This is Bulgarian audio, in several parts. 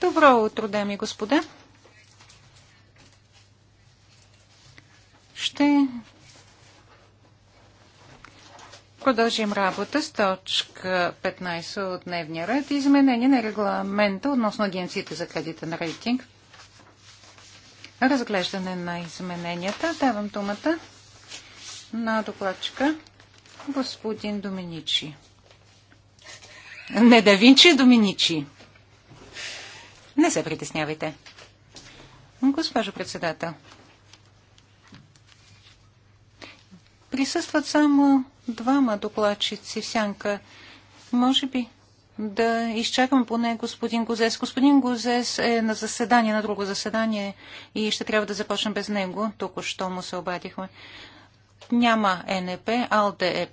Добро утро, дами и господа. Ще продължим работа с точка 15 от дневния ред. Изменение на регламента относно агенциите за кредитен рейтинг. Разглеждане на измененията. Давам думата на докладчика господин Доминичи. Не да Винчи, Доминичи. Не се притеснявайте. Госпожо председател, присъстват само двама докладчици в сянка. Може би да изчакам поне господин Гозес. Господин Гозес е на заседание, на друго заседание и ще трябва да започнем без него. Току-що му се обадихме. Няма НП, АЛДЕ е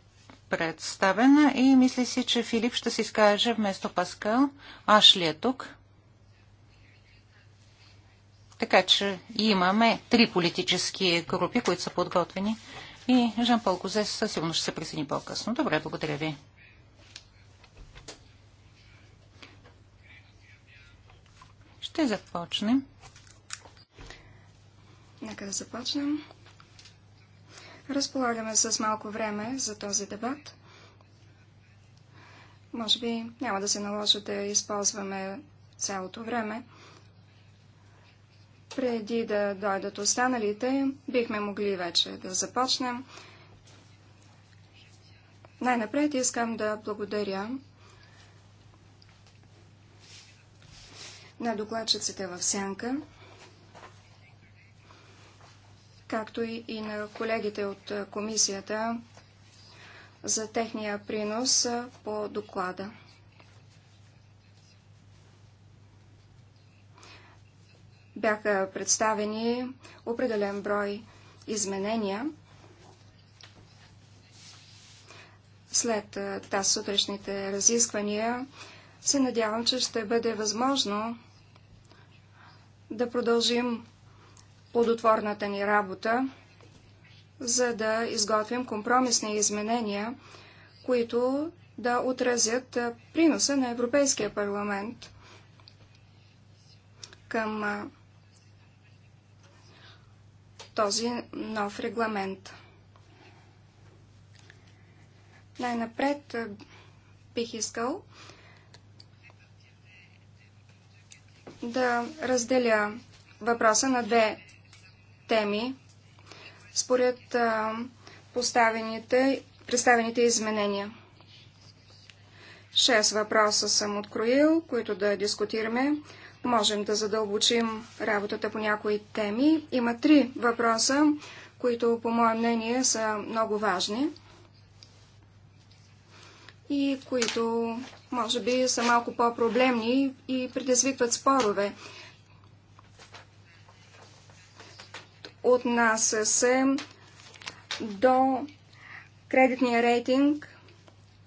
представена и мисля си, че Филип ще се изкаже вместо Паскал. Аш ли е тук? Така че имаме три политически групи, които са подготвени и Жан-Пол Козес със сигурно ще се присъедини по-късно. Добре, благодаря ви. Ще започнем. Нека да започнем. Разполагаме с малко време за този дебат. Може би няма да се наложи да използваме цялото време. Преди да дойдат останалите, бихме могли вече да започнем. Най-напред искам да благодаря на докладчиците в Сянка както и на колегите от комисията за техния принос по доклада. Бяха представени определен брой изменения. След тази сутрешните разисквания се надявам, че ще бъде възможно да продължим плодотворната ни работа, за да изготвим компромисни изменения, които да отразят приноса на Европейския парламент към този нов регламент. Най-напред бих искал да разделя въпроса на две теми според поставените, представените изменения. Шест въпроса съм откроил, които да дискутираме. Можем да задълбочим работата по някои теми. Има три въпроса, които по мое мнение са много важни и които може би са малко по-проблемни и предизвикват спорове. Отнася се до кредитния рейтинг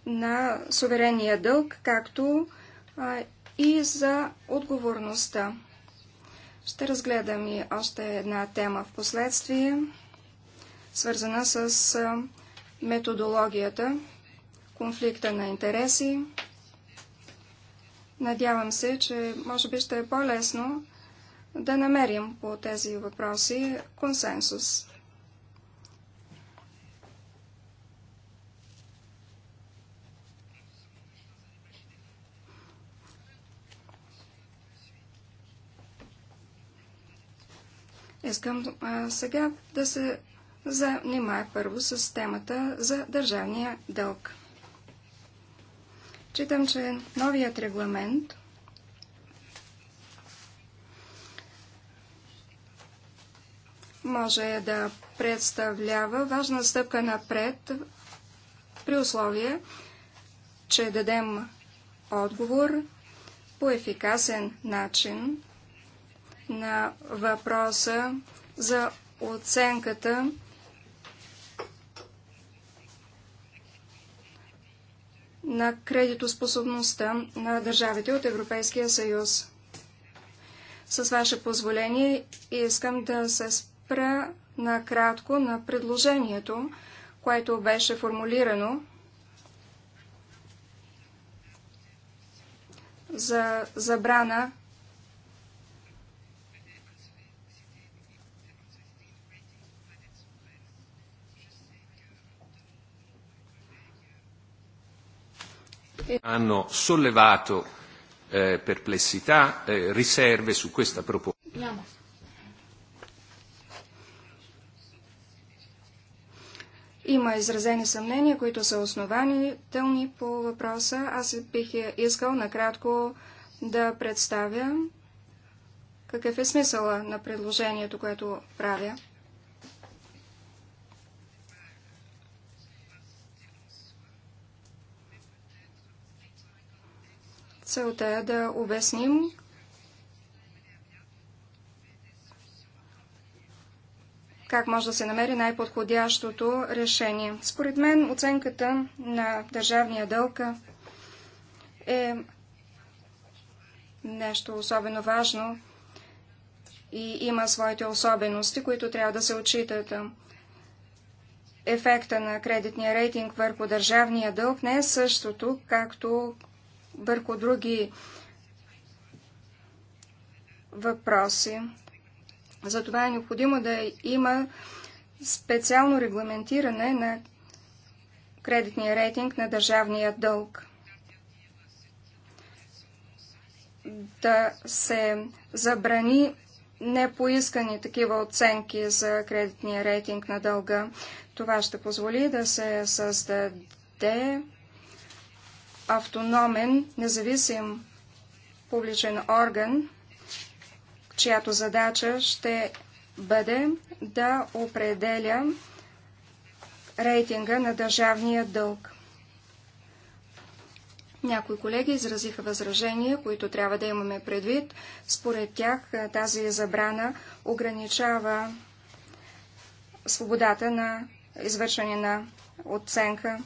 на суверения дълг, както и за отговорността. Ще разгледам и още една тема в последствие, свързана с методологията, конфликта на интереси. Надявам се, че може би ще е по-лесно да намерим по тези въпроси консенсус. Искам а, сега да се занимая първо с темата за държавния дълг. Читам, че новият регламент може да представлява важна стъпка напред при условие, че дадем отговор по ефикасен начин на въпроса за оценката на кредитоспособността на държавите от Европейския съюз. С ваше позволение искам да се спра спра накратко на предложението, което беше формулирано за забрана hanno sollevato eh, perplessità, eh, riserve su questa proposta. Yeah. Има изразени съмнения, които са основанителни по въпроса. Аз бих искал накратко да представя какъв е смисъла на предложението, което правя. Целта е да обясним как може да се намери най-подходящото решение. Според мен оценката на държавния дълг е нещо особено важно и има своите особености, които трябва да се отчитат. Ефекта на кредитния рейтинг върху държавния дълг не е същото, както върху други въпроси. Затова е необходимо да има специално регламентиране на кредитния рейтинг на държавния дълг. Да се забрани непоискани такива оценки за кредитния рейтинг на дълга. Това ще позволи да се създаде автономен, независим публичен орган, чиято задача ще бъде да определя рейтинга на държавния дълг. Някои колеги изразиха възражения, които трябва да имаме предвид. Според тях тази забрана ограничава свободата на извършване на оценка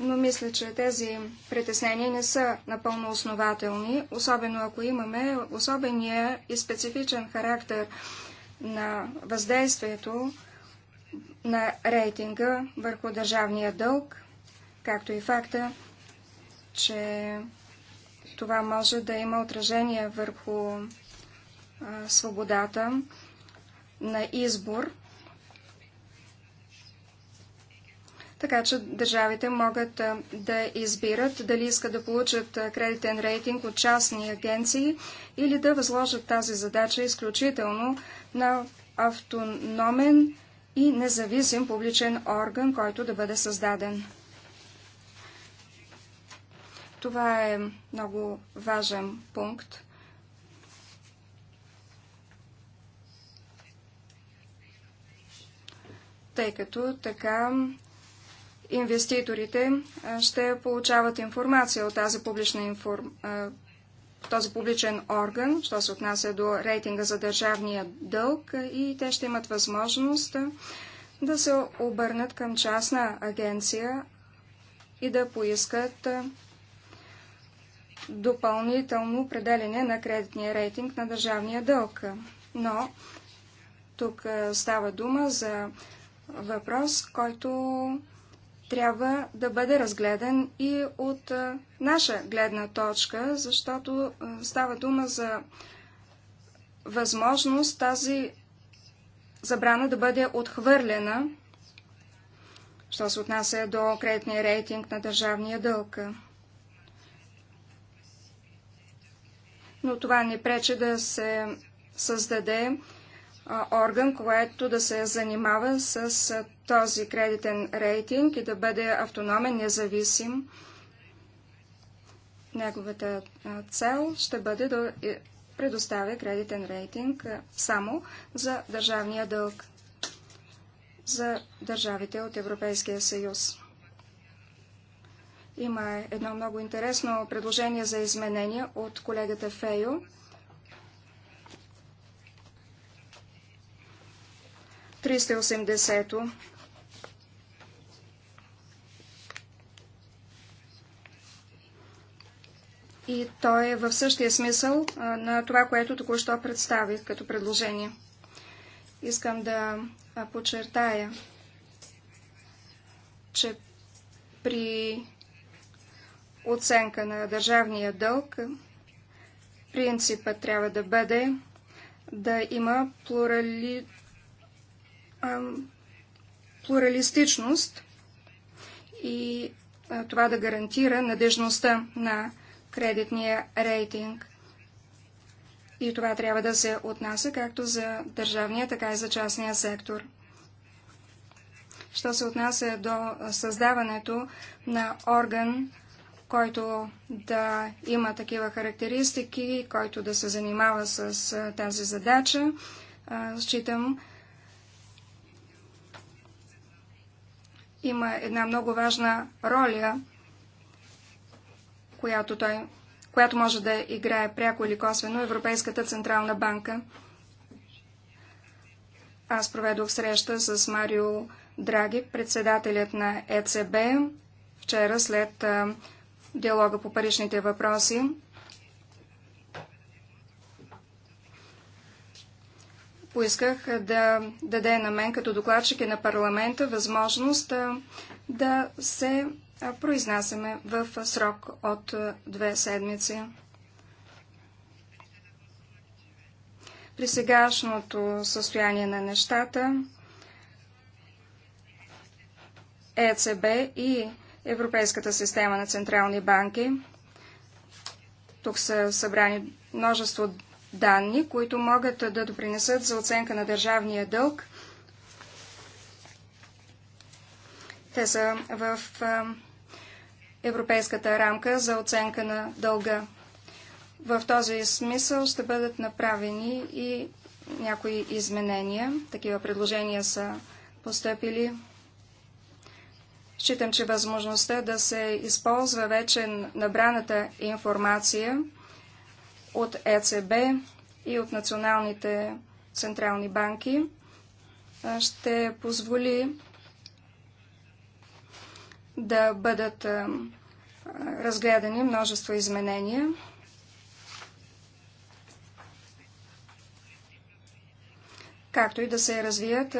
но мисля, че тези притеснения не са напълно основателни, особено ако имаме особения и специфичен характер на въздействието на рейтинга върху държавния дълг, както и факта, че това може да има отражение върху свободата на избор така че държавите могат да избират дали искат да получат кредитен рейтинг от частни агенции или да възложат тази задача изключително на автономен и независим публичен орган, който да бъде създаден. Това е много важен пункт. Тъй като така инвеститорите ще получават информация от тази публична информ... този публичен орган, що се отнася до рейтинга за държавния дълг и те ще имат възможност да се обърнат към частна агенция и да поискат допълнително определение на кредитния рейтинг на държавния дълг. Но тук става дума за въпрос, който трябва да бъде разгледан и от наша гледна точка, защото става дума за възможност тази забрана да бъде отхвърлена, що се отнася до кредитния рейтинг на държавния дълг. Но това не пречи да се създаде орган, което да се занимава с този кредитен рейтинг и да бъде автономен, независим. Неговата цел ще бъде да е, предоставя кредитен рейтинг само за държавния дълг за държавите от Европейския съюз. Има едно много интересно предложение за изменение от колегата Фейо 380-то. И то е в същия смисъл на това, което току-що представих като предложение. Искам да подчертая, че при оценка на държавния дълг принципът трябва да бъде да има плурали плуралистичност и това да гарантира надежността на кредитния рейтинг. И това трябва да се отнася както за държавния, така и за частния сектор. Що се отнася до създаването на орган, който да има такива характеристики, който да се занимава с тази задача, считам, има една много важна роля, която, той, която може да играе пряко или косвено Европейската Централна банка. Аз проведох среща с Марио Драги, председателят на ЕЦБ, вчера след диалога по паричните въпроси. поисках да даде на мен като докладчик и на парламента възможност да се произнасяме в срок от две седмици. При сегашното състояние на нещата ЕЦБ и Европейската система на централни банки. Тук са събрани множество данни, които могат да допринесат за оценка на държавния дълг. Те са в европейската рамка за оценка на дълга. В този смисъл ще бъдат направени и някои изменения. Такива предложения са постъпили. Считам, че възможността да се използва вече набраната информация – от ЕЦБ и от националните централни банки ще позволи да бъдат разгледани множество изменения. както и да се развият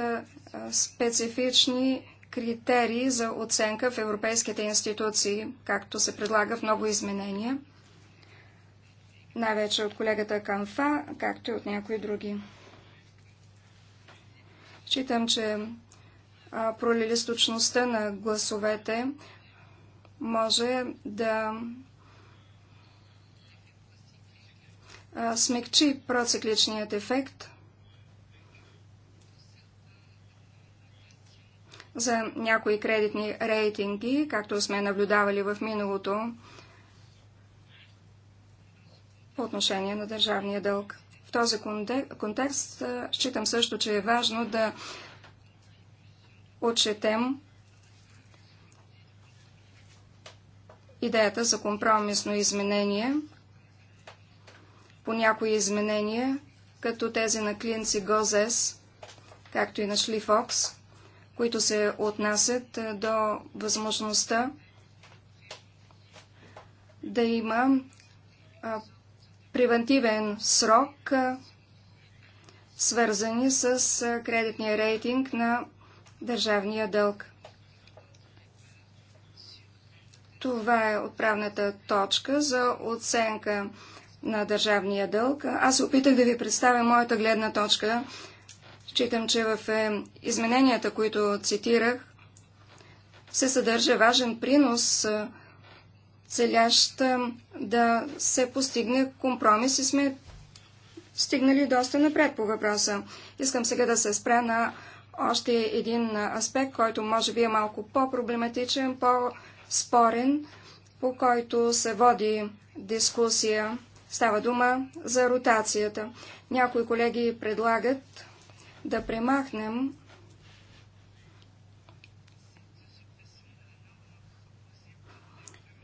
специфични критерии за оценка в европейските институции, както се предлага в много изменения – най-вече от колегата Канфа, както и от някои други. Считам, че пролилисточността на гласовете може да смекчи процикличният ефект за някои кредитни рейтинги, както сме наблюдавали в миналото, по отношение на държавния дълг. В този контекст считам също, че е важно да отчетем идеята за компромисно изменение по някои изменения, като тези на Клинци Гозес, както и на Шли Фокс, които се отнасят до възможността да има превентивен срок, свързани с кредитния рейтинг на държавния дълг. Това е отправната точка за оценка на държавния дълг. Аз се опитах да ви представя моята гледна точка. Считам, че в е, измененията, които цитирах, се съдържа важен принос целящ да се постигне компромис и сме стигнали доста напред по въпроса. Искам сега да се спре на още един аспект, който може би е малко по-проблематичен, по-спорен, по който се води дискусия. Става дума за ротацията. Някои колеги предлагат да премахнем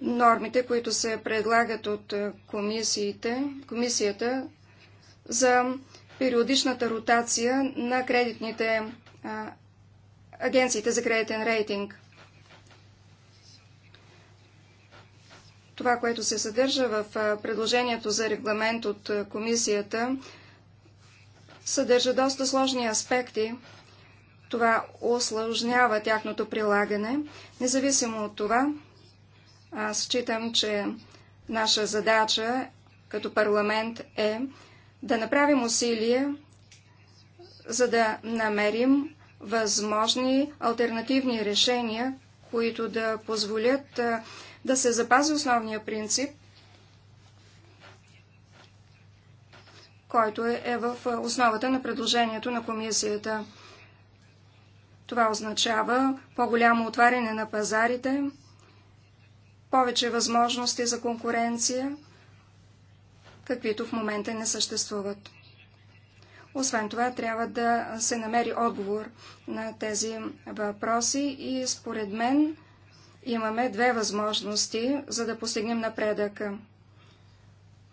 нормите, които се предлагат от е, комисиите, комисията за периодичната ротация на кредитните а, е, агенциите за кредитен рейтинг. Това, което се съдържа в е, предложението за регламент от комисията, съдържа доста сложни аспекти. Това осложнява тяхното прилагане. Независимо от това, аз считам, че наша задача като парламент е да направим усилие, за да намерим възможни альтернативни решения, които да позволят да се запази основния принцип, който е в основата на предложението на комисията. Това означава по-голямо отваряне на пазарите, повече възможности за конкуренция, каквито в момента не съществуват. Освен това, трябва да се намери отговор на тези въпроси и според мен имаме две възможности, за да постигнем напредъка.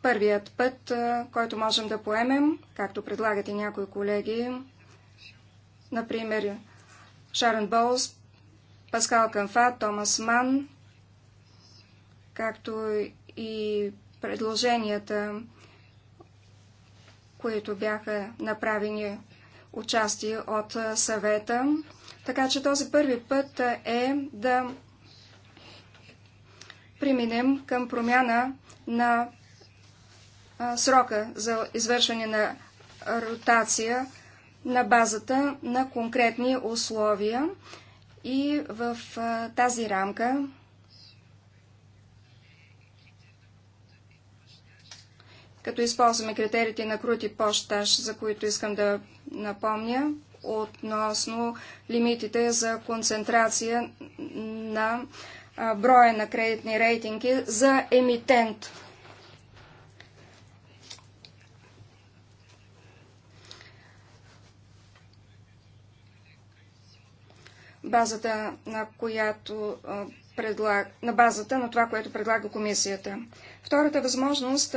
Първият път, който можем да поемем, както предлагате някои колеги, например Шарен Боус, Паскал Канфа, Томас Ман, както и предложенията, които бяха направени участие от съвета. Така че този първи път е да преминем към промяна на срока за извършване на ротация на базата на конкретни условия и в тази рамка като използваме критериите на крути пошташ, за които искам да напомня, относно лимитите за концентрация на броя на кредитни рейтинги за емитент. Базата, на която предлаг... на базата на това, което предлага комисията. Втората възможност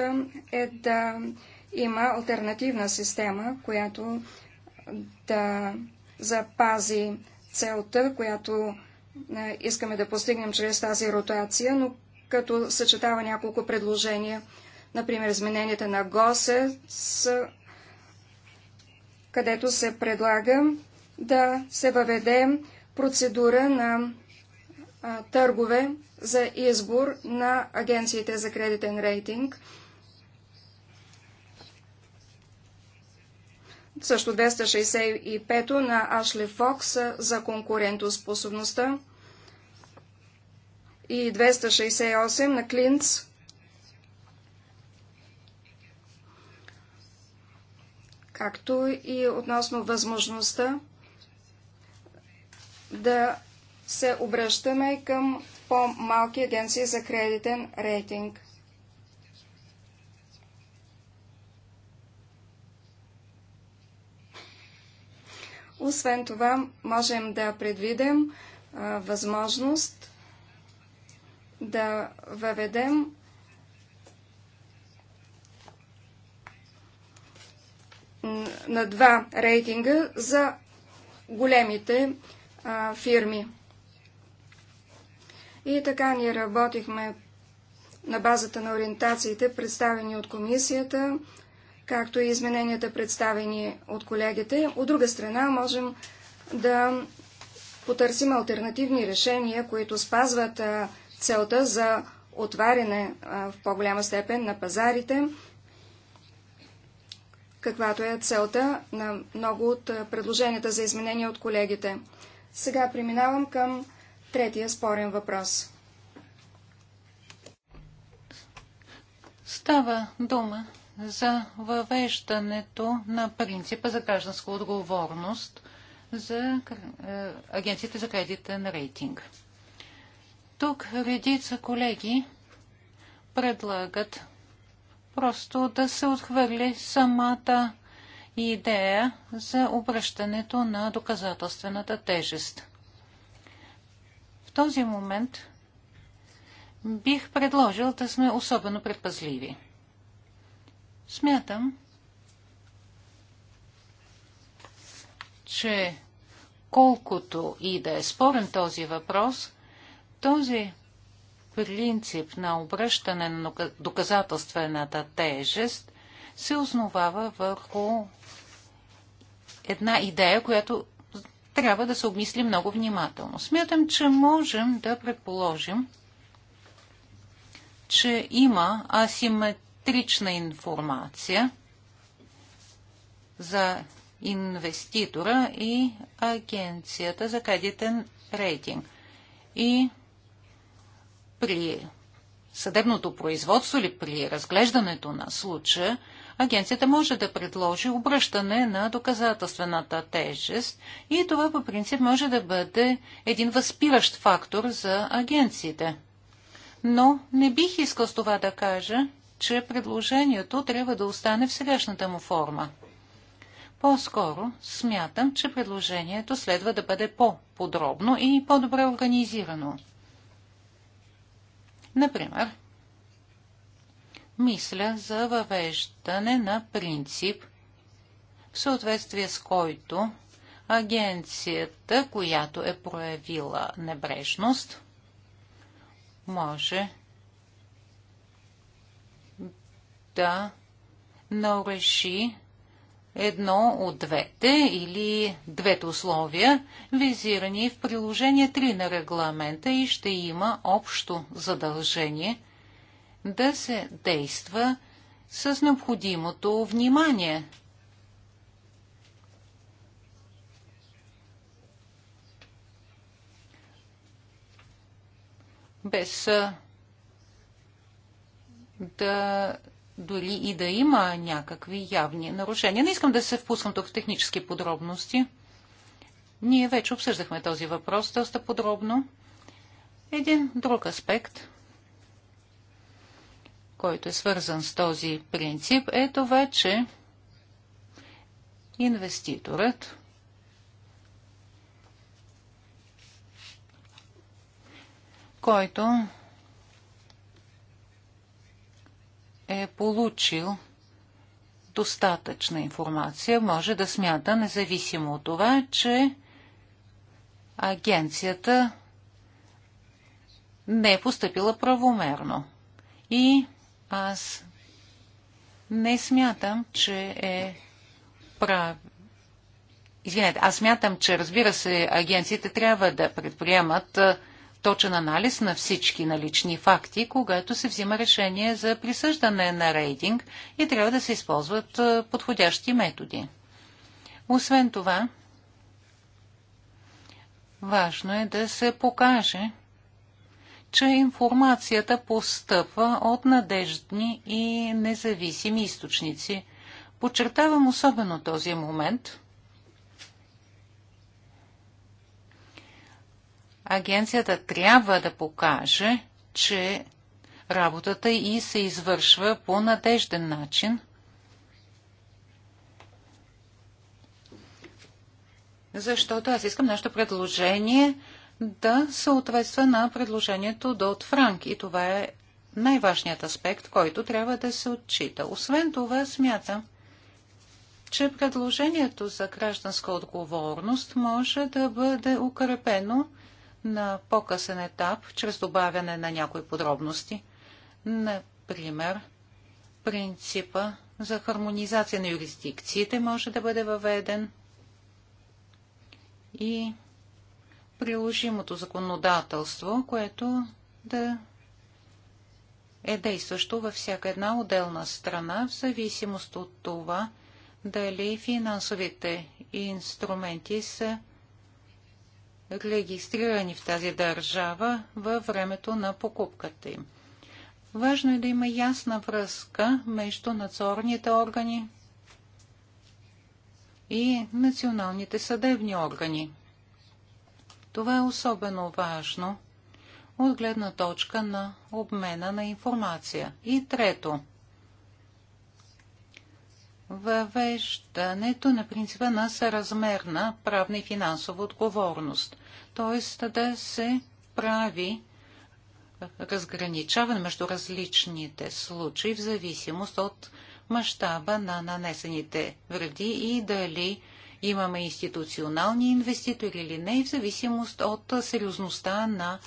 е да има альтернативна система, която да запази целта, която искаме да постигнем чрез тази ротация, но като съчетава няколко предложения. Например, измененията на ГОСЕ, където се предлага да се въведе процедура на търгове за избор на агенциите за кредитен рейтинг. Също 265 то на Ашли Фокс за конкурентоспособността и 268 на Клинц както и относно възможността да се обръщаме към по-малки агенции за кредитен рейтинг. Освен това, можем да предвидим а, възможност да въведем на два рейтинга за големите а, фирми. И така ние работихме на базата на ориентациите, представени от комисията, както и измененията, представени от колегите. От друга страна, можем да потърсим альтернативни решения, които спазват целта за отваряне в по-голяма степен на пазарите, каквато е целта на много от предложенията за изменения от колегите. Сега преминавам към третия спорен въпрос. Става дума за въвеждането на принципа за гражданска отговорност за е, агенциите за кредитен рейтинг. Тук редица колеги предлагат просто да се отхвърли самата идея за обръщането на доказателствената тежест този момент бих предложил да сме особено предпазливи. Смятам, че колкото и да е спорен този въпрос, този принцип на обръщане на доказателствената тежест се основава върху една идея, която трябва да се обмисли много внимателно. Смятам, че можем да предположим, че има асиметрична информация за инвеститора и агенцията за кредитен рейтинг. И при съдебното производство или при разглеждането на случая агенцията може да предложи обръщане на доказателствената тежест и това по принцип може да бъде един възпиращ фактор за агенциите. Но не бих искал с това да кажа, че предложението трябва да остане в сегашната му форма. По-скоро смятам, че предложението следва да бъде по-подробно и по-добре организирано. Например, мисля за въвеждане на принцип, в съответствие с който агенцията, която е проявила небрежност, може да нареши едно от двете или двете условия, визирани в приложение 3 на регламента и ще има общо задължение – да се действа с необходимото внимание. Без да дори и да има някакви явни нарушения. Не искам да се впускам тук в технически подробности. Ние вече обсъждахме този въпрос доста подробно. Един друг аспект – който е свързан с този принцип, е това, че инвеститорът който е получил достатъчна информация, може да смята, независимо от това, че агенцията не е поступила правомерно. И аз не смятам, че е прав. Извинете, аз смятам, че разбира се, агенциите трябва да предприемат точен анализ на всички налични факти, когато се взима решение за присъждане на рейтинг и трябва да се използват подходящи методи. Освен това, важно е да се покаже, че информацията постъпва от надеждни и независими източници. Подчертавам особено този момент. Агенцията трябва да покаже, че работата и се извършва по надежден начин. Защото аз искам нашето предложение да съответства на предложението Дот Франк. И това е най-важният аспект, който трябва да се отчита. Освен това, смятам, че предложението за гражданска отговорност може да бъде укрепено на по-късен етап, чрез добавяне на някои подробности. Например, принципа за хармонизация на юрисдикциите може да бъде въведен и приложимото законодателство, което да е действащо във всяка една отделна страна, в зависимост от това, дали финансовите инструменти са регистрирани в тази държава във времето на покупката им. Важно е да има ясна връзка между надзорните органи и националните съдебни органи. Това е особено важно от гледна точка на обмена на информация. И трето, въвеждането на принципа на съразмерна правна и финансова отговорност, т.е. да се прави разграничаване между различните случаи в зависимост от мащаба на нанесените вреди и дали имаме институционални инвеститори или не, в зависимост от сериозността на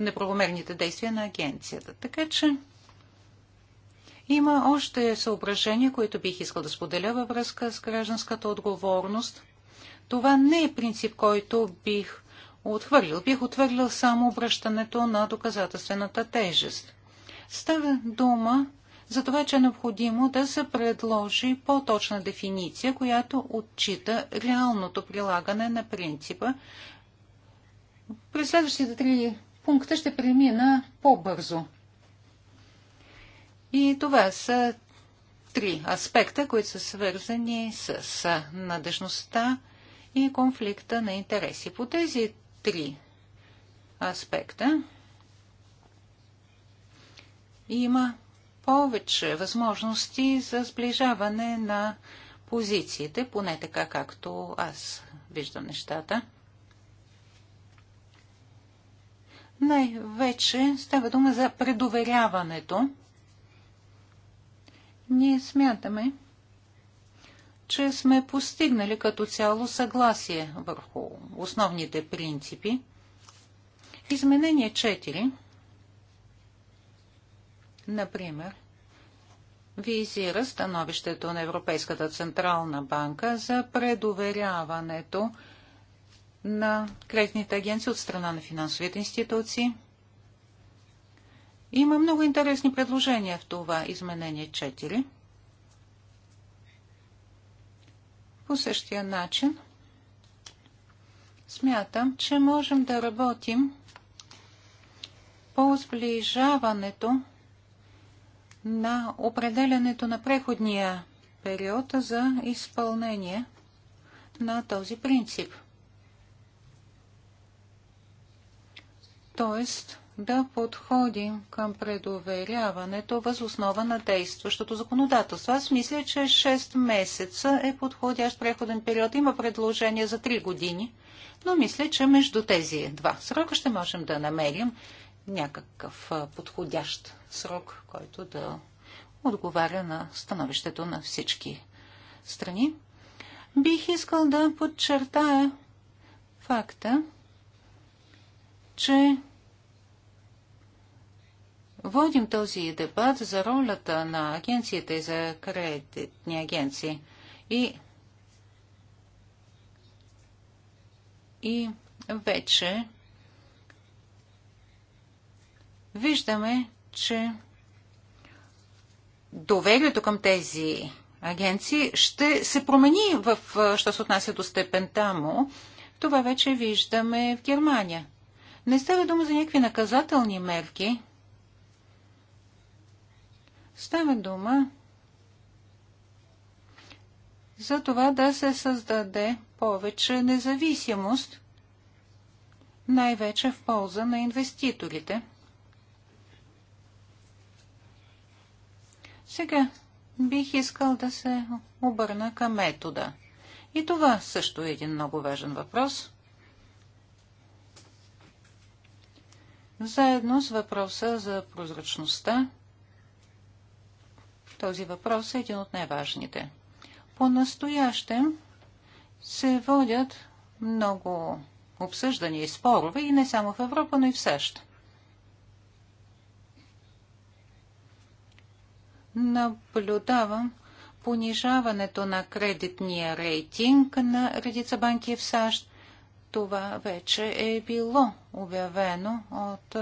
неправомерните действия на агенцията. Така че има още съображения, които бих искал да споделя във връзка с гражданската отговорност. Това не е принцип, който бих отхвърлил. Бих отхвърлил само обръщането на доказателствената тежест. Става дума за това, че е необходимо да се предложи по-точна дефиниция, която отчита реалното прилагане на принципа. През следващите три пункта ще премина по-бързо. И това са три аспекта, които са свързани с надежността и конфликта на интереси. По тези три аспекта има повече възможности за сближаване на позициите, поне така както аз виждам нещата. Най-вече става дума за предоверяването. Ние смятаме, че сме постигнали като цяло съгласие върху основните принципи. Изменение Например, визира становището на Европейската централна банка за предоверяването на кредитните агенции от страна на финансовите институции. Има много интересни предложения в това изменение 4. По същия начин смятам, че можем да работим по сближаването на определянето на преходния период за изпълнение на този принцип. Тоест да подходим към предоверяването въз основа на действащото законодателство. Аз мисля, че 6 месеца е подходящ преходен период. Има предложение за 3 години, но мисля, че между тези два срока ще можем да намерим някакъв подходящ срок, който да отговаря на становището на всички страни. Бих искал да подчертая факта, че водим този дебат за ролята на агенцията и за кредитни агенции. И, и вече виждаме, че доверието към тези агенции ще се промени в, що се отнася до степента му. Това вече виждаме в Германия. Не става дума за някакви наказателни мерки. Става дума за това да се създаде повече независимост, най-вече в полза на инвеститорите. Сега бих искал да се обърна към метода. И това също е един много важен въпрос. Заедно с въпроса за прозрачността, този въпрос е един от най-важните. По-настоящем се водят много обсъждания и спорове, и не само в Европа, но и в САЩ. наблюдавам понижаването на кредитния рейтинг на редица банки в САЩ. Това вече е било обявено от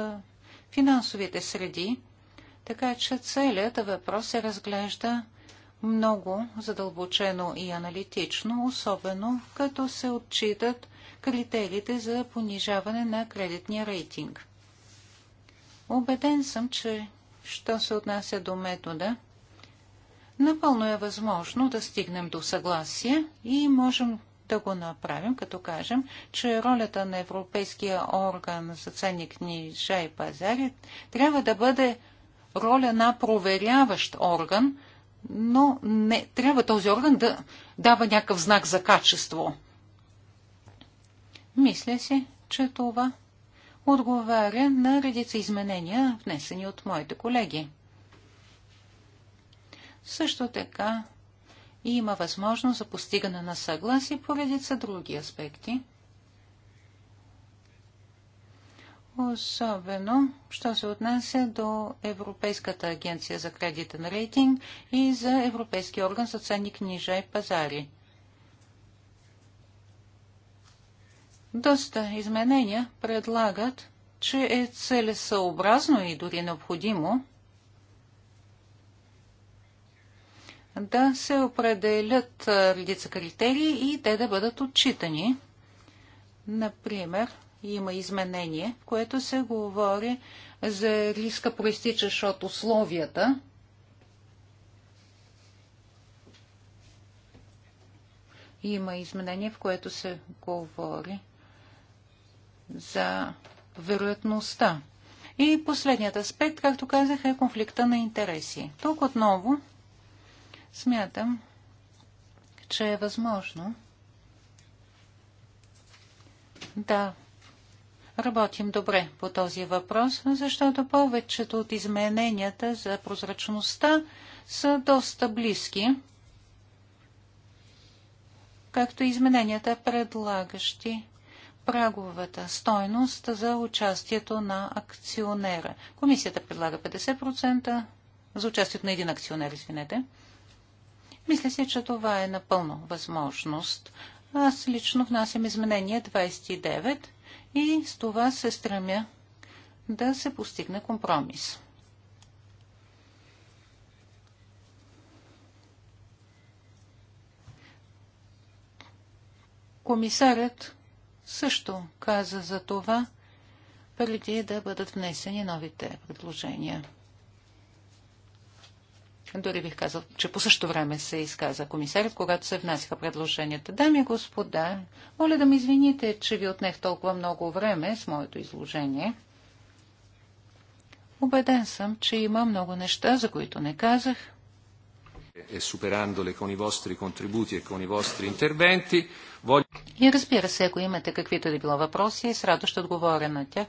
финансовите среди, така че целият въпрос се разглежда много задълбочено и аналитично, особено като се отчитат критериите за понижаване на кредитния рейтинг. Обеден съм, че Що се отнася до метода, напълно е възможно да стигнем до съгласие и можем да го направим, като кажем, че ролята на Европейския орган за ценни книжа и пазари трябва да бъде роля на проверяващ орган, но не трябва този орган да дава някакъв знак за качество. Мисля си, че това отговаря на редица изменения, внесени от моите колеги. Също така има възможност за постигане на съгласие по редица други аспекти. Особено, що се отнася до Европейската агенция за кредитен рейтинг и за Европейския орган за ценни книжа и пазари – Доста изменения предлагат, че е целесъобразно и дори необходимо да се определят редица критерии и те да бъдат отчитани. Например, има изменение, в което се говори за риска, проистичащ от условията. Има изменение, в което се говори за вероятността. И последният аспект, както казах, е конфликта на интереси. Тук отново смятам, че е възможно да работим добре по този въпрос, защото повечето от измененията за прозрачността са доста близки, както и измененията, предлагащи праговата стойност за участието на акционера. Комисията предлага 50% за участието на един акционер, извинете. Мисля си, че това е напълно възможност. Аз лично внасям изменение 29 и с това се стремя да се постигне компромис. Комисарят също каза за това, преди да бъдат внесени новите предложения. Дори бих казал, че по същото време се изказа комисарят, когато се внасяха предложенията. Дами и господа, моля да ми извините, че ви отнех толкова много време с моето изложение. Обеден съм, че има много неща, за които не казах e superandole con i vostri contributi e con i vostri interventi. И разбира се, ако имате каквито да било въпроси, с радост ще отговоря на тях.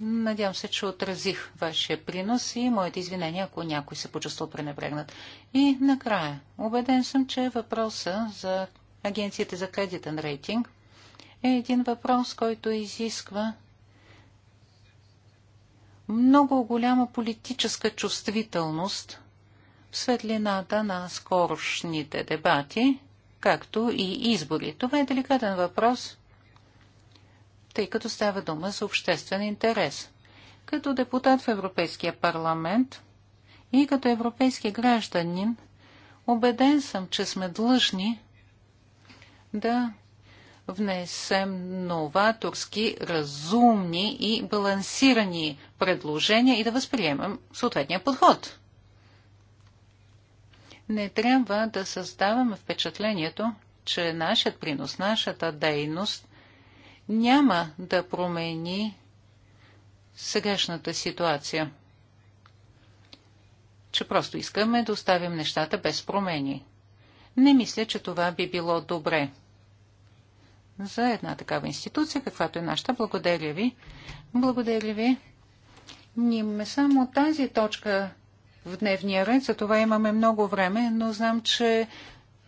Надявам се, че отразих вашия принос и моите извинения, ако някой се почувства пренебрегнат. И накрая, убеден съм, че въпроса за агенцията за кредитен рейтинг е един въпрос, който изисква много голяма политическа чувствителност светлината на скорошните дебати, както и избори. Това е деликатен въпрос, тъй като става дума за обществен интерес. Като депутат в Европейския парламент и като европейски гражданин, убеден съм, че сме длъжни да внесем новаторски, разумни и балансирани предложения и да възприемем съответния подход. Не трябва да създаваме впечатлението, че нашият принос, нашата дейност няма да промени сегашната ситуация. Че просто искаме да оставим нещата без промени. Не мисля, че това би било добре за една такава институция, каквато е нашата. Благодаря ви. Благодаря ви. Ние имаме само тази точка в дневния ред, за това имаме много време, но знам, че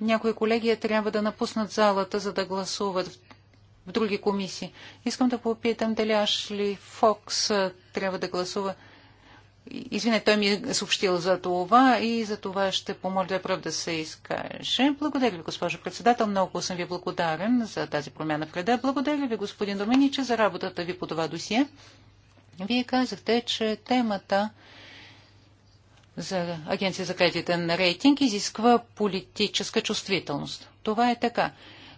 някои колеги трябва да напуснат залата, за да гласуват в други комисии. Искам да попитам дали Ашли Фокс трябва да гласува. Извине, той ми е съобщил за това и за това ще помоля да прав да се изкаже. Благодаря ви, госпожо председател. Много съм ви благодарен за тази промяна в реда. Благодаря ви, господин Доминич, за работата ви по това досие. Вие казахте, че темата за Агенция за кредитен рейтинг изисква политическа чувствителност. Това е така.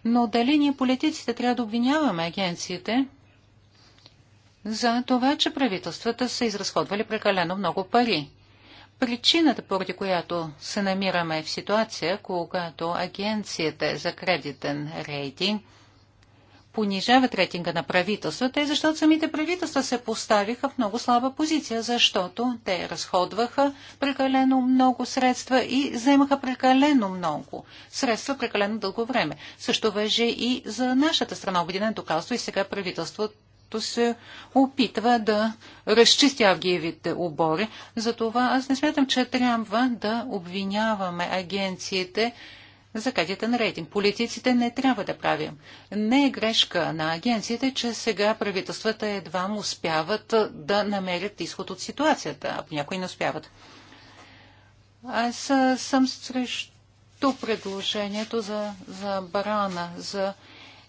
Но дали ние политиците трябва да обвиняваме агенциите за това, че правителствата са изразходвали прекалено много пари? Причината, поради която се намираме в ситуация, когато агенцията за кредитен рейтинг – понижават рейтинга на правителствата е защото самите правителства се поставиха в много слаба позиция, защото те разходваха прекалено много средства и вземаха прекалено много средства прекалено дълго време. Също въже и за нашата страна Обединеното кралство и сега правителството се опитва да разчисти авгиевите обори. Затова аз не смятам, че трябва да обвиняваме агенциите за на рейтинг. Политиците не трябва да правим. Не е грешка на агенциите, че сега правителствата едва му успяват да намерят изход от ситуацията, Ако някои не успяват. Аз съм срещу предложението за барана за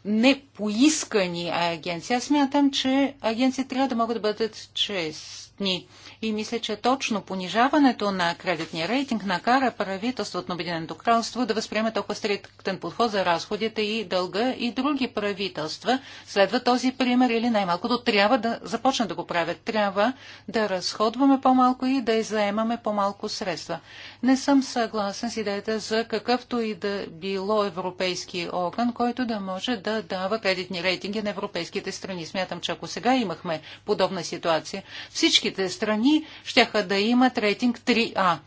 непоискани агенции. Аз смятам, че агенции трябва да могат да бъдат чест дни. И мисля, че точно понижаването на кредитния рейтинг накара правителството на Обединеното кралство да възприеме толкова стриктен подход за разходите и дълга и други правителства. Следва този пример или най-малкото трябва да започнат да го правят. Трябва да разходваме по-малко и да изаемаме по-малко средства. Не съм съгласен с идеята за какъвто и да било европейски орган, който да може да дава кредитни рейтинги на европейските страни. Смятам, че ако сега имахме подобна ситуация, всички Всичките страни щяха да имат рейтинг 3А,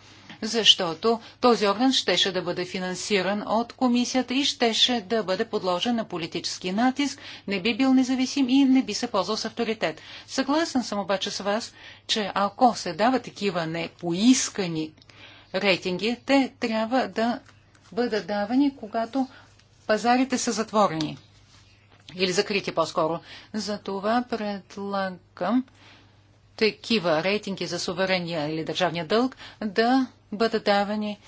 защото този орган щеше да бъде финансиран от комисията и щеше да бъде подложен на политически натиск, не би бил независим и не би се ползвал с авторитет. Съгласен съм обаче с вас, че ако се дават такива непоискани рейтинги, те трябва да бъдат давани, когато пазарите са затворени или закрити по-скоро. Затова предлагам такива рейтинги за суверения или държавния дълг да бъдат давани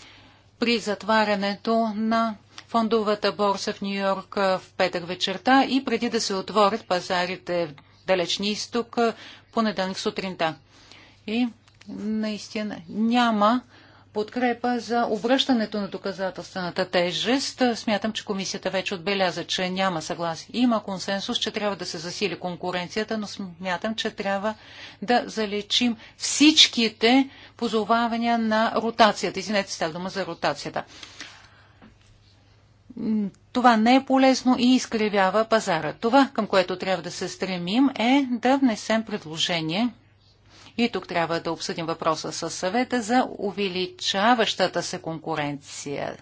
при затварянето на фондовата борса в Нью-Йорк в петък вечерта и преди да се отворят пазарите в Далечни изток понеделник сутринта. И наистина няма подкрепа за обръщането на доказателствената тежест. Смятам, че комисията вече отбеляза, че няма съгласие. Има консенсус, че трябва да се засили конкуренцията, но смятам, че трябва да залечим всичките позовавания на ротацията. Извинете, става дума за ротацията. Това не е полезно и изкривява пазара. Това, към което трябва да се стремим, е да внесем предложение – и тук трябва да обсъдим въпроса с съвета за увеличаващата се конкуренция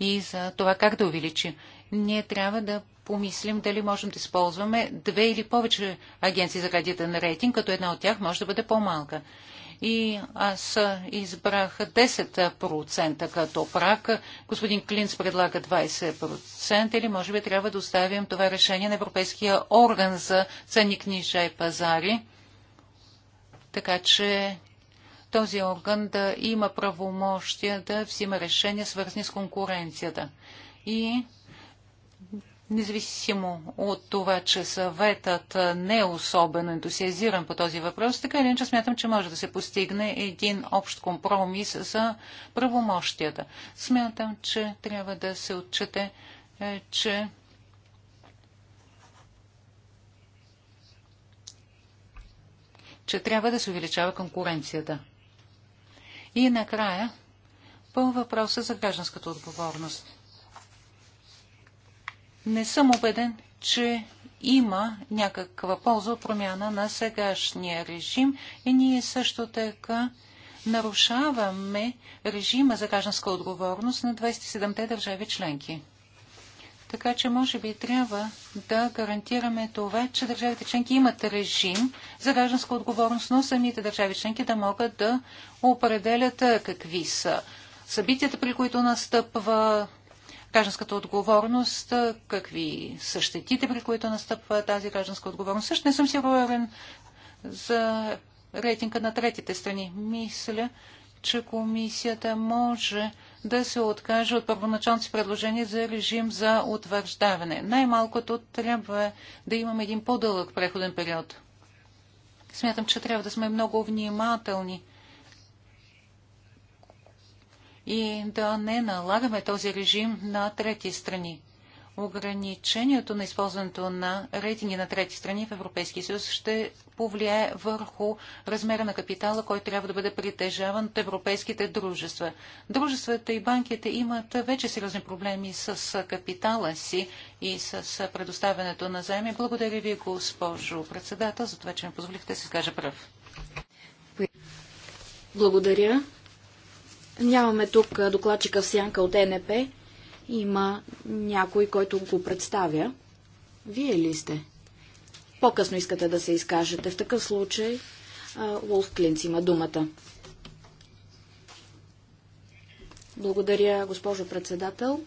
и за това как да увеличим. Ние трябва да помислим дали можем да използваме две или повече агенции за кредитен рейтинг, като една от тях може да бъде по-малка. И аз избрах 10% като прак. Господин Клинц предлага 20% или може би трябва да оставим това решение на Европейския орган за ценни книжа и пазари така че този орган да има правомощия да взима решения, свързани с конкуренцията. И независимо от това, че съветът не е особено ентусиазиран по този въпрос, така или иначе смятам, че може да се постигне един общ компромис за правомощията. Смятам, че трябва да се отчете, е, че че трябва да се увеличава конкуренцията. И накрая, по въпроса за гражданската отговорност. Не съм убеден, че има някаква полза от промяна на сегашния режим и ние също така нарушаваме режима за гражданска отговорност на 27-те държави членки. Така че може би трябва да гарантираме това, че държавите членки имат режим за гражданска отговорност, но самите държави членки да могат да определят какви са събитията, при които настъпва гражданската отговорност, какви са щетите, при които настъпва тази гражданска отговорност. Също не съм сигурен за рейтинга на третите страни. Мисля, че комисията може да се откаже от първоначалното си предложение за режим за утвърждаване. Най-малкото трябва да имаме един по-дълъг преходен период. Смятам, че трябва да сме много внимателни и да не налагаме този режим на трети страни ограничението на използването на рейтинги на трети страни в Европейския съюз ще повлияе върху размера на капитала, който трябва да бъде притежаван от европейските дружества. Дружествата и банките имат вече сериозни проблеми с капитала си и с предоставянето на заеми. Благодаря ви, госпожо председател, за това, че ми позволихте да се кажа пръв. Благодаря. Нямаме тук докладчика в сянка от ЕНП. Има някой, който го представя. Вие ли сте? По-късно искате да се изкажете. В такъв случай Волф Клинц има думата. Благодаря, госпожо председател.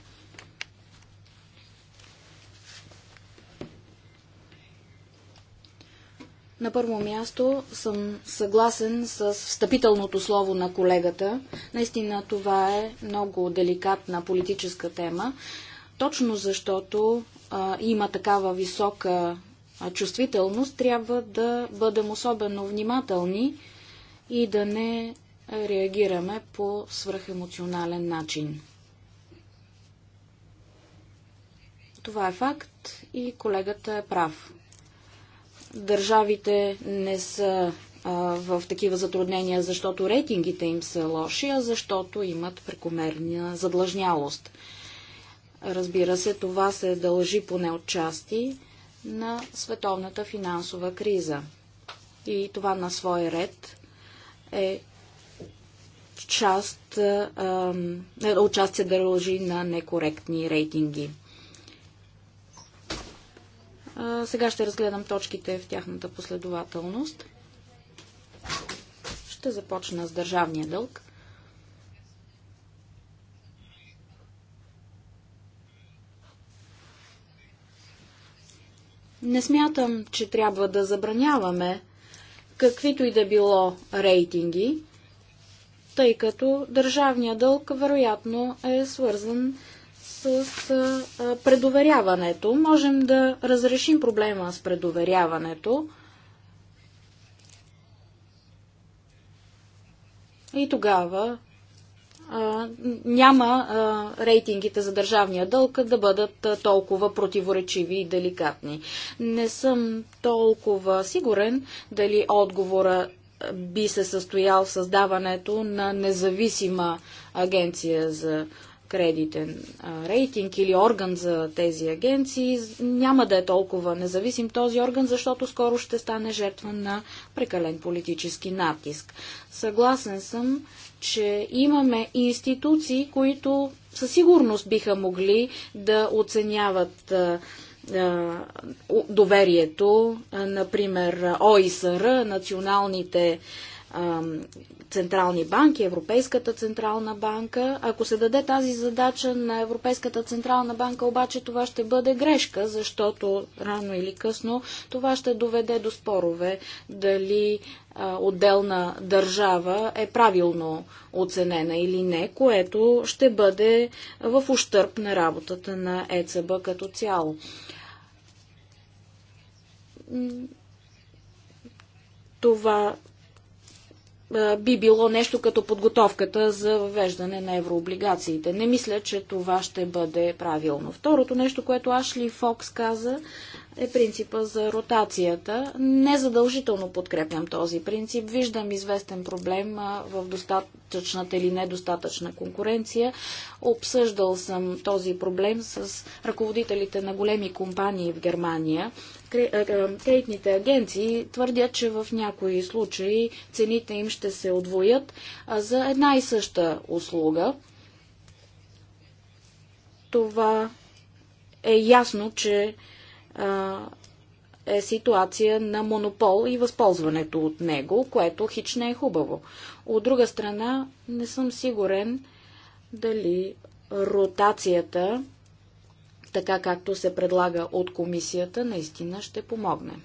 На първо място съм съгласен с встъпителното слово на колегата. Наистина това е много деликатна политическа тема, точно защото а, има такава висока чувствителност, трябва да бъдем особено внимателни и да не реагираме по свръхемоционален начин. Това е факт и колегата е прав държавите не са в такива затруднения, защото рейтингите им са лоши, а защото имат прекомерна задлъжнялост. Разбира се, това се дължи поне от части на световната финансова криза. И това на свой ред е част, а, е, от част се дължи на некоректни рейтинги. Сега ще разгледам точките в тяхната последователност. Ще започна с държавния дълг. Не смятам, че трябва да забраняваме каквито и да било рейтинги, тъй като държавния дълг вероятно е свързан с предоверяването. Можем да разрешим проблема с предоверяването. И тогава няма рейтингите за държавния дълг да бъдат толкова противоречиви и деликатни. Не съм толкова сигурен дали отговора би се състоял в създаването на независима агенция за кредитен рейтинг или орган за тези агенции, няма да е толкова независим този орган, защото скоро ще стане жертва на прекален политически натиск. Съгласен съм, че имаме институции, които със сигурност биха могли да оценяват доверието, например ОИСР, националните централни банки, Европейската централна банка. Ако се даде тази задача на Европейската централна банка, обаче това ще бъде грешка, защото рано или късно това ще доведе до спорове дали отделна държава е правилно оценена или не, което ще бъде в ущърп на работата на ЕЦБ като цяло това би било нещо като подготовката за въвеждане на еврооблигациите. Не мисля, че това ще бъде правилно. Второто нещо, което Ашли Фокс каза, е принципа за ротацията. Незадължително подкрепям този принцип. Виждам известен проблем в достатъчната или недостатъчна конкуренция. Обсъждал съм този проблем с ръководителите на големи компании в Германия кредитните агенции твърдят, че в някои случаи цените им ще се отвоят за една и съща услуга. Това е ясно, че е ситуация на монопол и възползването от него, което хич не е хубаво. От друга страна, не съм сигурен дали ротацията така както се предлага от комисията, наистина ще помогне.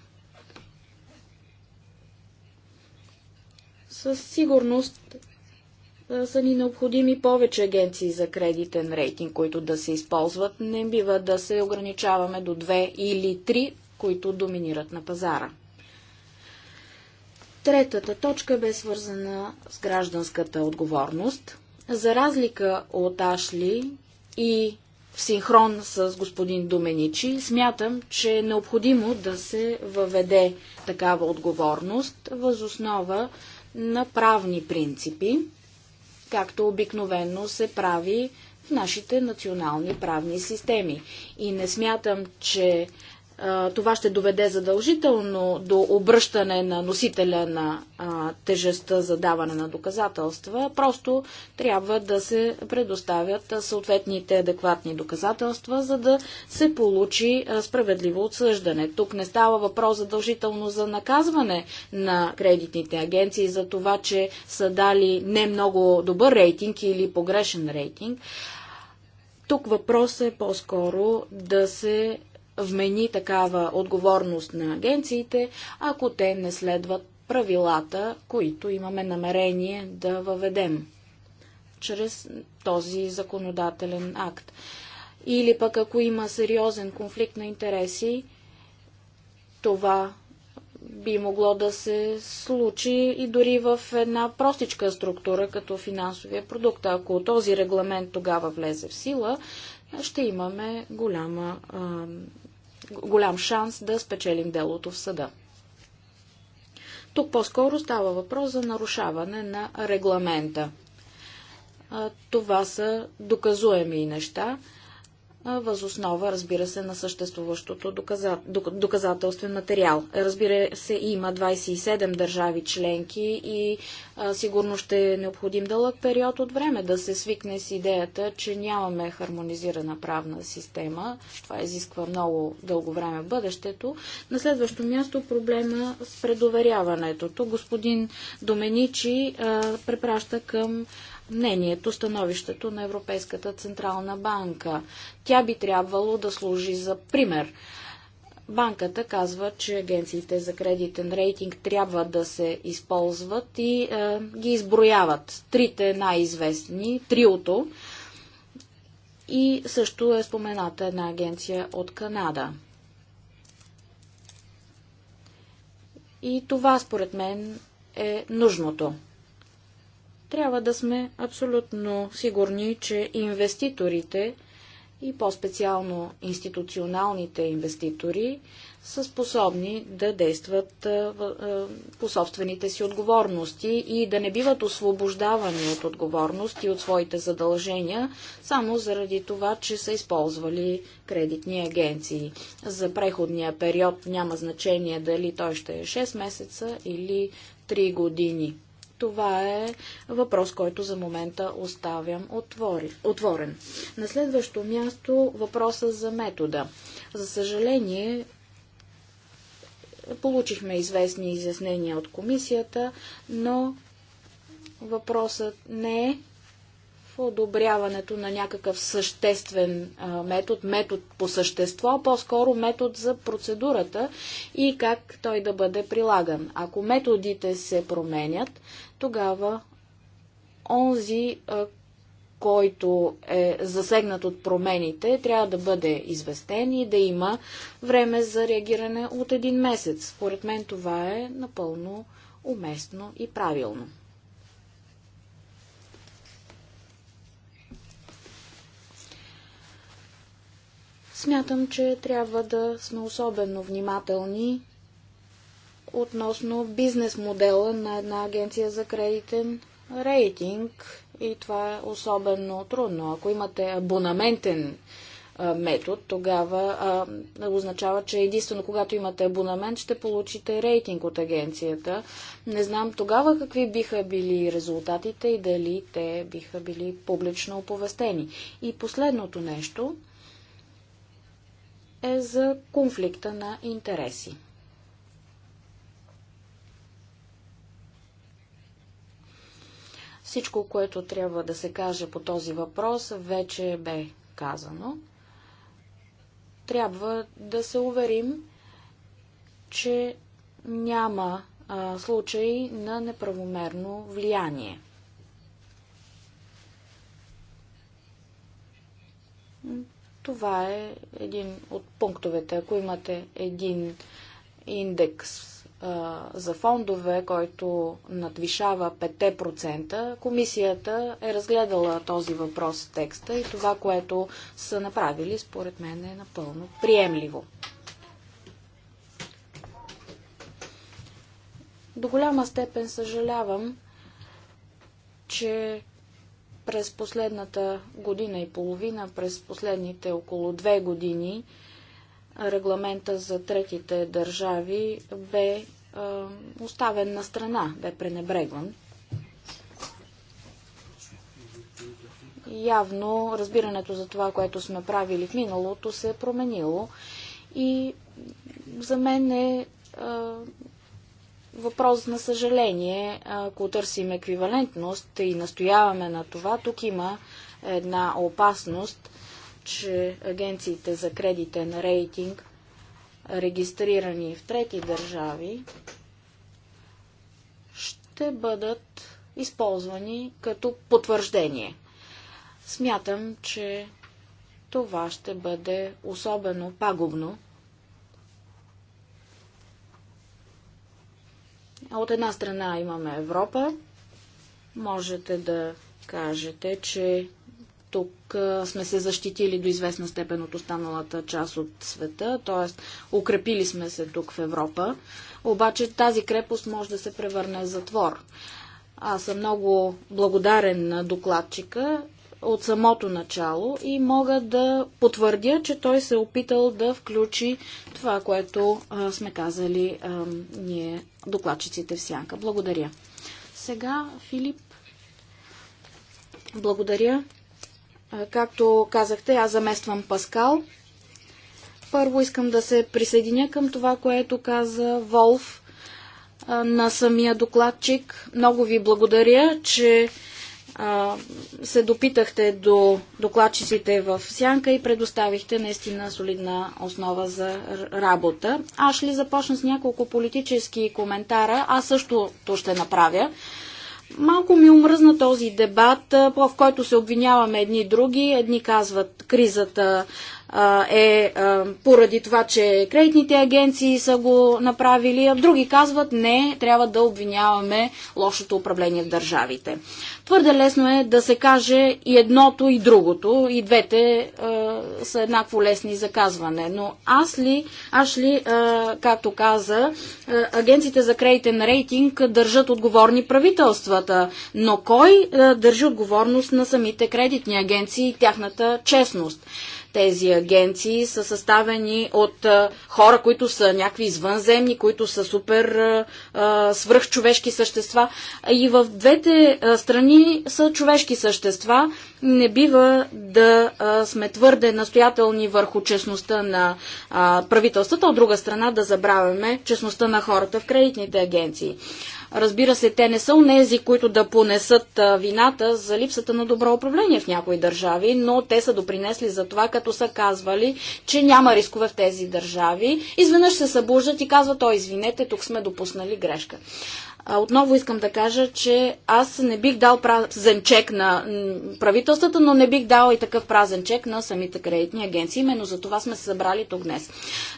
Със сигурност са ни необходими повече агенции за кредитен рейтинг, които да се използват. Не бива да се ограничаваме до две или три, които доминират на пазара. Третата точка бе свързана с гражданската отговорност. За разлика от Ашли и в синхрон с господин Доменичи, смятам, че е необходимо да се въведе такава отговорност възоснова на правни принципи, както обикновенно се прави в нашите национални правни системи. И не смятам, че това ще доведе задължително до обръщане на носителя на тежестта за даване на доказателства. Просто трябва да се предоставят съответните адекватни доказателства, за да се получи справедливо отсъждане. Тук не става въпрос задължително за наказване на кредитните агенции за това, че са дали не много добър рейтинг или погрешен рейтинг. Тук въпрос е по-скоро да се вмени такава отговорност на агенциите, ако те не следват правилата, които имаме намерение да въведем чрез този законодателен акт. Или пък ако има сериозен конфликт на интереси, това би могло да се случи и дори в една простичка структура, като финансовия продукт. Ако този регламент тогава влезе в сила, ще имаме голяма голям шанс да спечелим делото в съда. Тук по-скоро става въпрос за нарушаване на регламента. Това са доказуеми неща възоснова, разбира се, на съществуващото доказа... доказателствен материал. Разбира се, има 27 държави членки и а, сигурно ще е необходим дълъг период от време да се свикне с идеята, че нямаме хармонизирана правна система. Това изисква много дълго време в бъдещето. На следващо място проблема с предоверяването. Тук господин Доменичи а, препраща към мнението, становището на Европейската Централна банка. Тя би трябвало да служи за пример. Банката казва, че агенциите за кредитен рейтинг трябва да се използват и е, ги изброяват. Трите най-известни, триото и също е спомената една агенция от Канада. И това според мен е нужното трябва да сме абсолютно сигурни, че инвеститорите и по-специално институционалните инвеститори са способни да действат по собствените си отговорности и да не биват освобождавани от отговорност и от своите задължения, само заради това, че са използвали кредитни агенции. За преходния период няма значение дали той ще е 6 месеца или 3 години. Това е въпрос, който за момента оставям отворен. На следващо място въпроса за метода. За съжаление, получихме известни изяснения от комисията, но въпросът не е Одобряването на някакъв съществен метод, метод по същество, по-скоро метод за процедурата и как той да бъде прилаган. Ако методите се променят, тогава онзи, който е засегнат от промените, трябва да бъде известен и да има време за реагиране от един месец. Според мен това е напълно уместно и правилно. Смятам, че трябва да сме особено внимателни относно бизнес модела на една агенция за кредитен рейтинг и това е особено трудно. Ако имате абонаментен метод, тогава а, означава, че единствено когато имате абонамент ще получите рейтинг от агенцията. Не знам тогава какви биха били резултатите и дали те биха били публично оповестени. И последното нещо – е за конфликта на интереси. Всичко, което трябва да се каже по този въпрос, вече бе казано. Трябва да се уверим, че няма а, случай на неправомерно влияние. Това е един от пунктовете. Ако имате един индекс а, за фондове, който надвишава 5%, комисията е разгледала този въпрос в текста и това, което са направили, според мен е напълно приемливо. До голяма степен съжалявам, че през последната година и половина, през последните около две години, регламента за третите държави бе е, оставен на страна, бе пренебрегван. Явно разбирането за това, което сме правили в миналото, се е променило и за мен е, е въпрос на съжаление. Ако търсим еквивалентност и настояваме на това, тук има една опасност, че агенциите за кредитен рейтинг, регистрирани в трети държави, ще бъдат използвани като потвърждение. Смятам, че това ще бъде особено пагубно От една страна имаме Европа. Можете да кажете, че тук сме се защитили до известна степен от останалата част от света, т.е. укрепили сме се тук в Европа. Обаче тази крепост може да се превърне в затвор. Аз съм много благодарен на докладчика от самото начало и мога да потвърдя, че той се е опитал да включи това, което а, сме казали а, ние, докладчиците в сянка. Благодаря. Сега, Филип, благодаря. Както казахте, аз замествам Паскал. Първо искам да се присъединя към това, което каза Волф на самия докладчик. Много ви благодаря, че се допитахте до докладчиците в Сянка и предоставихте наистина солидна основа за работа. Аз ще ли започна с няколко политически коментара. Аз същото ще направя. Малко ми омръзна този дебат, в който се обвиняваме едни и други. Едни казват кризата е поради това, че кредитните агенции са го направили, а други казват не, трябва да обвиняваме лошото управление в държавите. Твърде лесно е да се каже и едното, и другото, и двете са еднакво лесни за казване. Но аз ли, аз ли както каза, агенците за кредитен рейтинг държат отговорни правителствата, но кой държи отговорност на самите кредитни агенции и тяхната честност? Тези агенции са съставени от хора, които са някакви извънземни, които са супер свръхчовешки същества. И в двете страни са човешки същества. Не бива да сме твърде настоятелни върху честността на правителствата, от друга страна да забравяме честността на хората в кредитните агенции. Разбира се, те не са унези, които да понесат вината за липсата на добро управление в някои държави, но те са допринесли за това, като са казвали, че няма рискове в тези държави. Изведнъж се събуждат и казват, о, извинете, тук сме допуснали грешка. Отново искам да кажа, че аз не бих дал празен чек на правителствата, но не бих дал и такъв празен чек на самите кредитни агенции. Именно за това сме се събрали тук днес.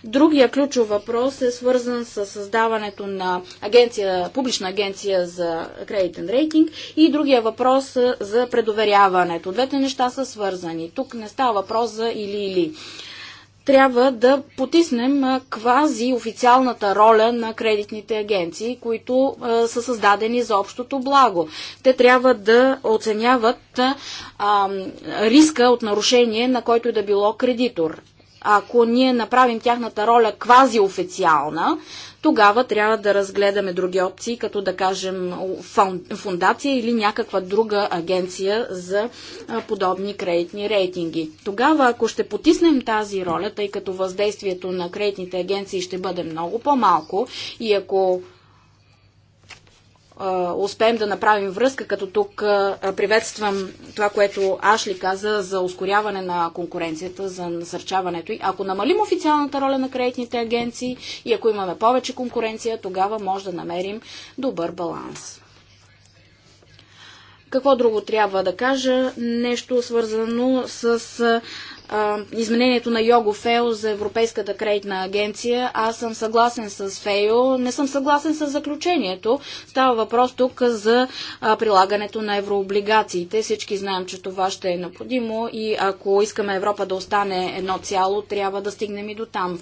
Другия ключов въпрос е свързан с създаването на агенция, публична агенция за кредитен рейтинг и другия въпрос е за предоверяването. Двете неща са свързани. Тук не става въпрос за или-или трябва да потиснем квази официалната роля на кредитните агенции, които са създадени за общото благо. Те трябва да оценяват риска от нарушение, на който и да било кредитор. Ако ние направим тяхната роля квази официална, тогава трябва да разгледаме други опции, като да кажем фундация или някаква друга агенция за подобни кредитни рейтинги. Тогава, ако ще потиснем тази роля, тъй като въздействието на кредитните агенции ще бъде много по-малко и ако успеем да направим връзка, като тук приветствам това, което Ашли каза за ускоряване на конкуренцията, за насърчаването и ако намалим официалната роля на кредитните агенции и ако имаме повече конкуренция, тогава може да намерим добър баланс. Какво друго трябва да кажа? Нещо свързано с изменението на Його Фео за Европейската кредитна агенция. Аз съм съгласен с Фео, не съм съгласен с заключението. Става въпрос тук за а, прилагането на еврооблигациите. Всички знаем, че това ще е необходимо и ако искаме Европа да остане едно цяло, трябва да стигнем и до там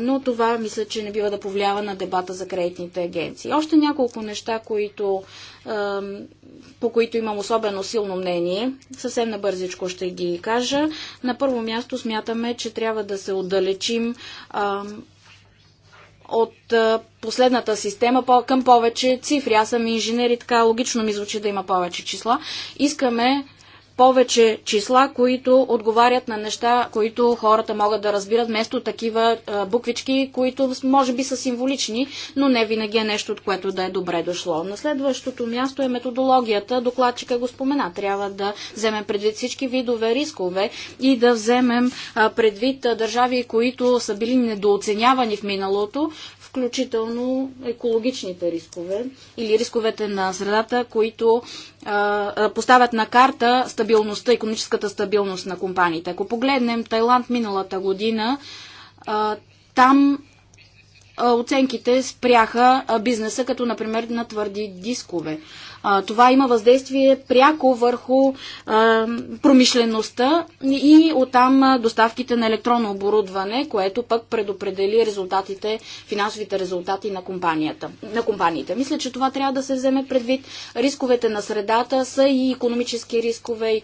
но това мисля, че не бива да повлиява на дебата за кредитните агенции. Още няколко неща, които, по които имам особено силно мнение, съвсем набързичко ще ги кажа. На първо място смятаме, че трябва да се отдалечим от последната система към повече цифри. Аз съм инженер и така логично ми звучи да има повече числа. Искаме повече числа, които отговарят на неща, които хората могат да разбират, вместо такива буквички, които може би са символични, но не винаги е нещо, от което да е добре дошло. На следващото място е методологията. Докладчика го спомена. Трябва да вземем предвид всички видове рискове и да вземем предвид държави, които са били недооценявани в миналото, включително екологичните рискове или рисковете на средата, които а, поставят на карта стабилността, економическата стабилност на компаниите. Ако погледнем Тайланд миналата година, а, там оценките спряха бизнеса, като например на твърди дискове. А, това има въздействие пряко върху а, промишлеността и оттам доставките на електронно оборудване, което пък предопредели резултатите, финансовите резултати на, компанията, на компаниите. Мисля, че това трябва да се вземе предвид. Рисковете на средата са и економически рискове, и,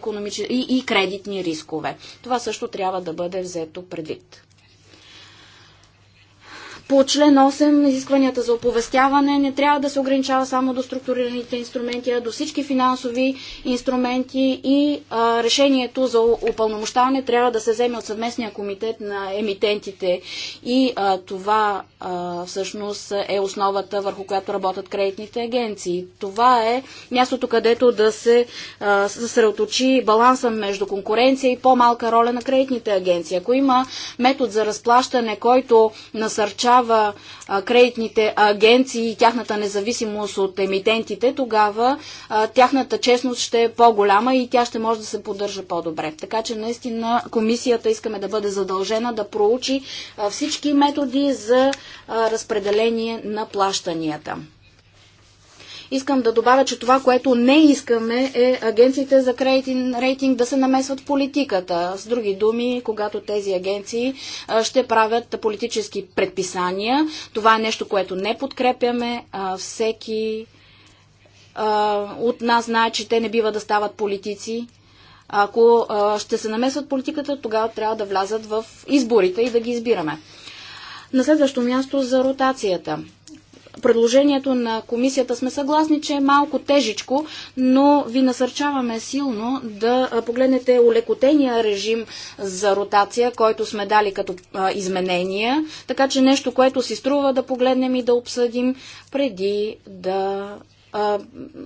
и кредитни рискове. Това също трябва да бъде взето предвид. По член 8 изискванията за оповестяване не трябва да се ограничава само до структурираните инструменти, а до всички финансови инструменти и а, решението за упълномощаване трябва да се вземе от съвместния комитет на емитентите. И а, това а, всъщност е основата върху която работят кредитните агенции. Това е мястото, където да се а, съсредоточи баланса между конкуренция и по-малка роля на кредитните агенции. Ако има метод за разплащане, който насърчава защитава кредитните агенции и тяхната независимост от емитентите, тогава тяхната честност ще е по-голяма и тя ще може да се поддържа по-добре. Така че наистина комисията искаме да бъде задължена да проучи всички методи за разпределение на плащанията. Искам да добавя, че това, което не искаме е агенциите за кредитен рейтинг да се намесват в политиката. С други думи, когато тези агенции ще правят политически предписания, това е нещо, което не подкрепяме. Всеки от нас знае, че те не бива да стават политици. Ако ще се намесват политиката, тогава трябва да влязат в изборите и да ги избираме. На следващо място за ротацията предложението на комисията сме съгласни, че е малко тежичко, но ви насърчаваме силно да погледнете улекотения режим за ротация, който сме дали като изменения, така че нещо, което си струва да погледнем и да обсъдим преди да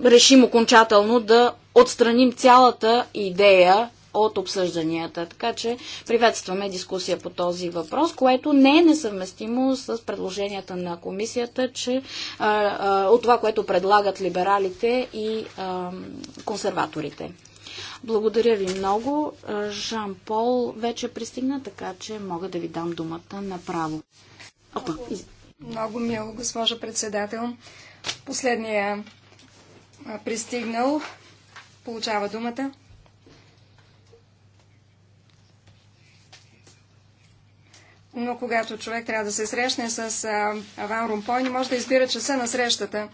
решим окончателно да отстраним цялата идея от обсъжданията. Така че приветстваме дискусия по този въпрос, което не е несъвместимо с предложенията на комисията, че а, а, от това, което предлагат либералите и а, консерваторите. Благодаря ви много. Жан Пол вече пристигна, така че мога да ви дам думата направо. Опа. Много мило, госпожа председател. Последния пристигнал получава думата. но когато човек трябва да се срещне с Ван Румпой, не може да избира часа на срещата.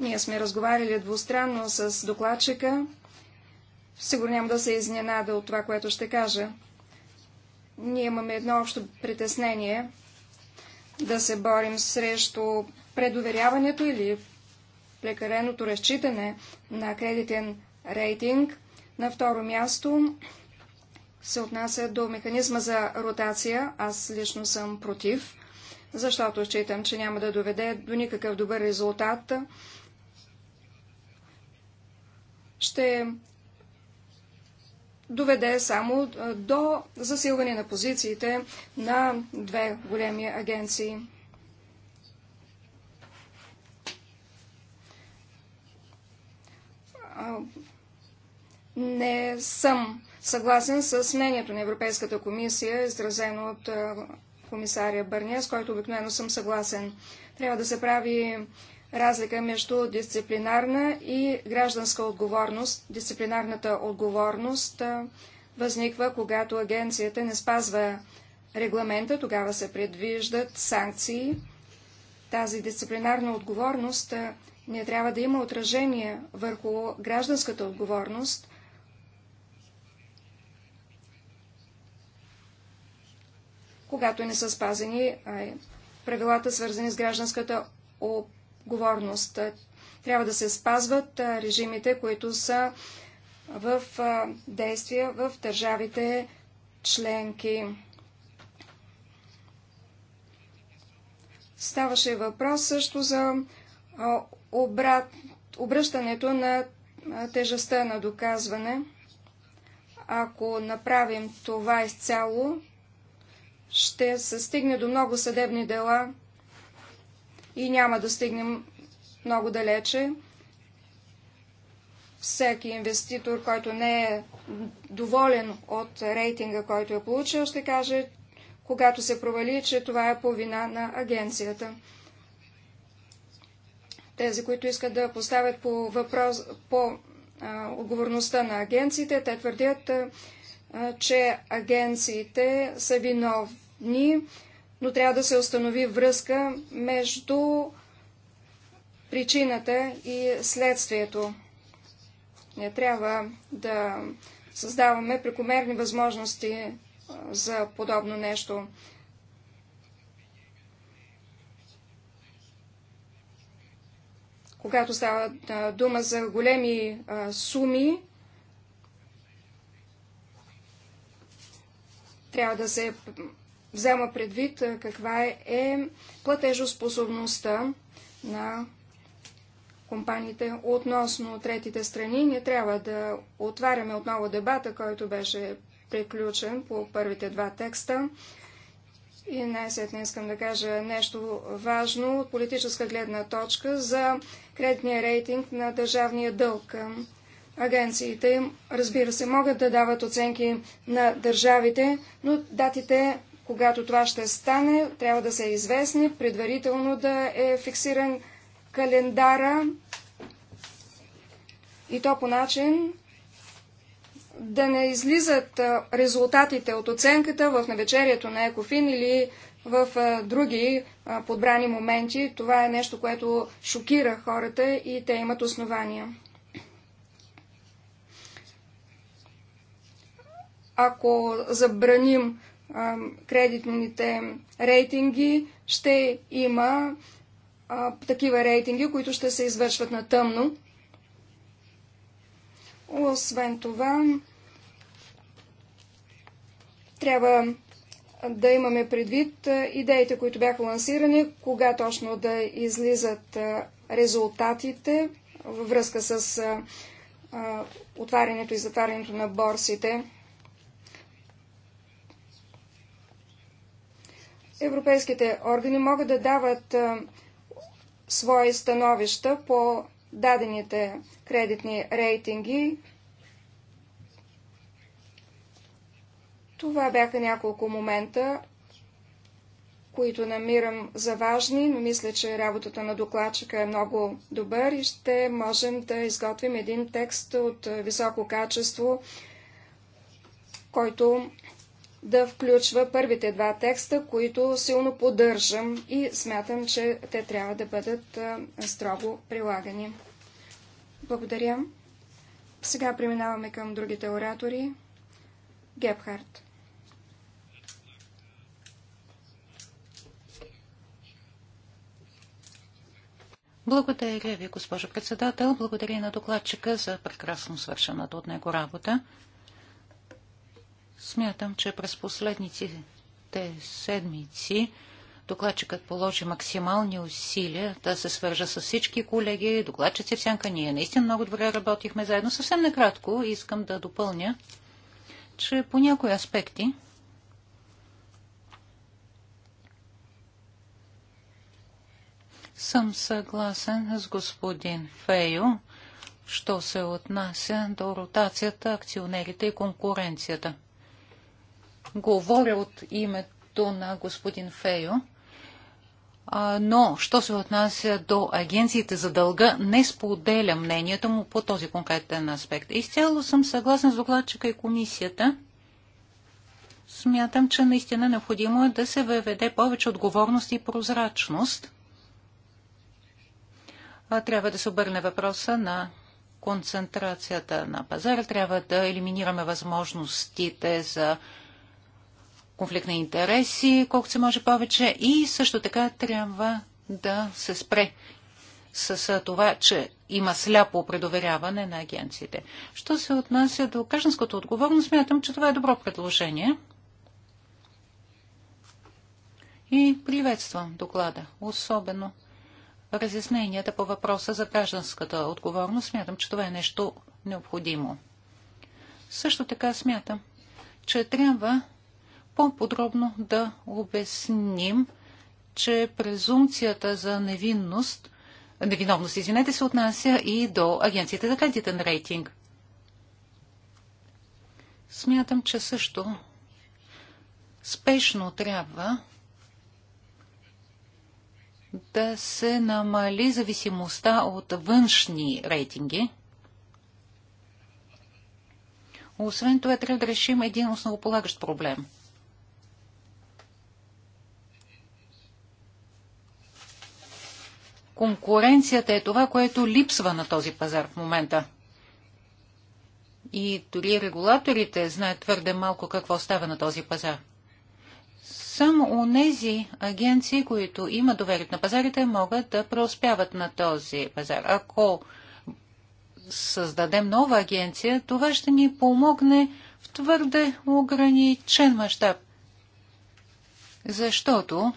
Ние сме разговаряли двустранно с докладчика. Сигурно няма да се изненада от това, което ще кажа. Ние имаме едно общо притеснение да се борим срещу предоверяването или прекареното разчитане на кредитен рейтинг. На второ място се отнася до механизма за ротация, аз лично съм против, защото считам, че няма да доведе до никакъв добър резултат. Ще доведе само до засилване на позициите на две големи агенции. Не съм съгласен с мнението на Европейската комисия, изразено от комисаря Бърния, с който обикновено съм съгласен. Трябва да се прави разлика между дисциплинарна и гражданска отговорност. Дисциплинарната отговорност възниква, когато агенцията не спазва регламента, тогава се предвиждат санкции. Тази дисциплинарна отговорност не трябва да има отражение върху гражданската отговорност, когато не са спазени правилата, свързани с гражданската отговорност. Трябва да се спазват режимите, които са в действия в държавите членки. Ставаше въпрос също за обрат, обръщането на тежестта на доказване. Ако направим това изцяло, ще се стигне до много съдебни дела и няма да стигнем много далече. Всеки инвеститор, който не е доволен от рейтинга, който е получил, ще каже, когато се провали, че това е по вина на агенцията. Тези, които искат да поставят по въпрос по а, отговорността на агенциите, те твърдят, а, че агенциите са виновни дни, но трябва да се установи връзка между причината и следствието. Не трябва да създаваме прекомерни възможности за подобно нещо. Когато става дума за големи суми, трябва да се взема предвид е, каква е, е платежоспособността на компаниите относно третите страни. Не трябва да отваряме отново дебата, който беше приключен по първите два текста. И най-сетне искам да кажа нещо важно от политическа гледна точка за кредитния рейтинг на държавния дълг. Агенциите, разбира се, могат да дават оценки на държавите, но датите когато това ще стане, трябва да са известни, предварително да е фиксиран календара и то по начин да не излизат резултатите от оценката в навечерието на Екофин или в други подбрани моменти. Това е нещо, което шокира хората и те имат основания. Ако забраним кредитните рейтинги, ще има такива рейтинги, които ще се извършват на тъмно. Освен това, трябва да имаме предвид идеите, които бяха лансирани, кога точно да излизат резултатите във връзка с отварянето и затварянето на борсите. Европейските органи могат да дават свои становища по дадените кредитни рейтинги. Това бяха няколко момента, които намирам за важни, но мисля, че работата на докладчика е много добър и ще можем да изготвим един текст от високо качество, който да включва първите два текста, които силно поддържам и смятам, че те трябва да бъдат строго прилагани. Благодаря. Сега преминаваме към другите оратори. Гебхарт. Благодаря ви, госпожо председател. Благодаря на докладчика за прекрасно свършената от него работа. Смятам, че през последните седмици докладчикът положи максимални усилия да се свържа с всички колеги, докладчици в сянка. Ние наистина много добре работихме заедно. Съвсем накратко искам да допълня, че по някои аспекти съм съгласен с господин Фейо, що се отнася до ротацията, акционерите и конкуренцията – говоря от името на господин Фейо. Но, що се отнася до агенциите за дълга, не споделя мнението му по този конкретен аспект. Изцяло съм съгласна с докладчика и комисията. Смятам, че наистина необходимо е да се въведе повече отговорност и прозрачност. Трябва да се обърне въпроса на концентрацията на пазара. Трябва да елиминираме възможностите за конфликт на интереси, колкото се може повече. И също така трябва да се спре с това, че има сляпо предоверяване на агенциите. Що се отнася до гражданското отговорност, смятам, че това е добро предложение. И приветствам доклада, особено разясненията по въпроса за гражданската отговорност. Смятам, че това е нещо необходимо. Също така смятам, че трябва по-подробно да обясним, че презумцията за невинност, невиновност, извинете, се отнася и до агенцията за кредитен рейтинг. Смятам, че също спешно трябва да се намали зависимостта от външни рейтинги. Освен това, трябва да решим един основополагащ проблем – Конкуренцията е това, което липсва на този пазар в момента. И дори регулаторите знаят твърде малко какво става на този пазар. Само у нези агенции, които имат доверие на пазарите, могат да преуспяват на този пазар. Ако създадем нова агенция, това ще ни помогне в твърде ограничен мащаб. Защото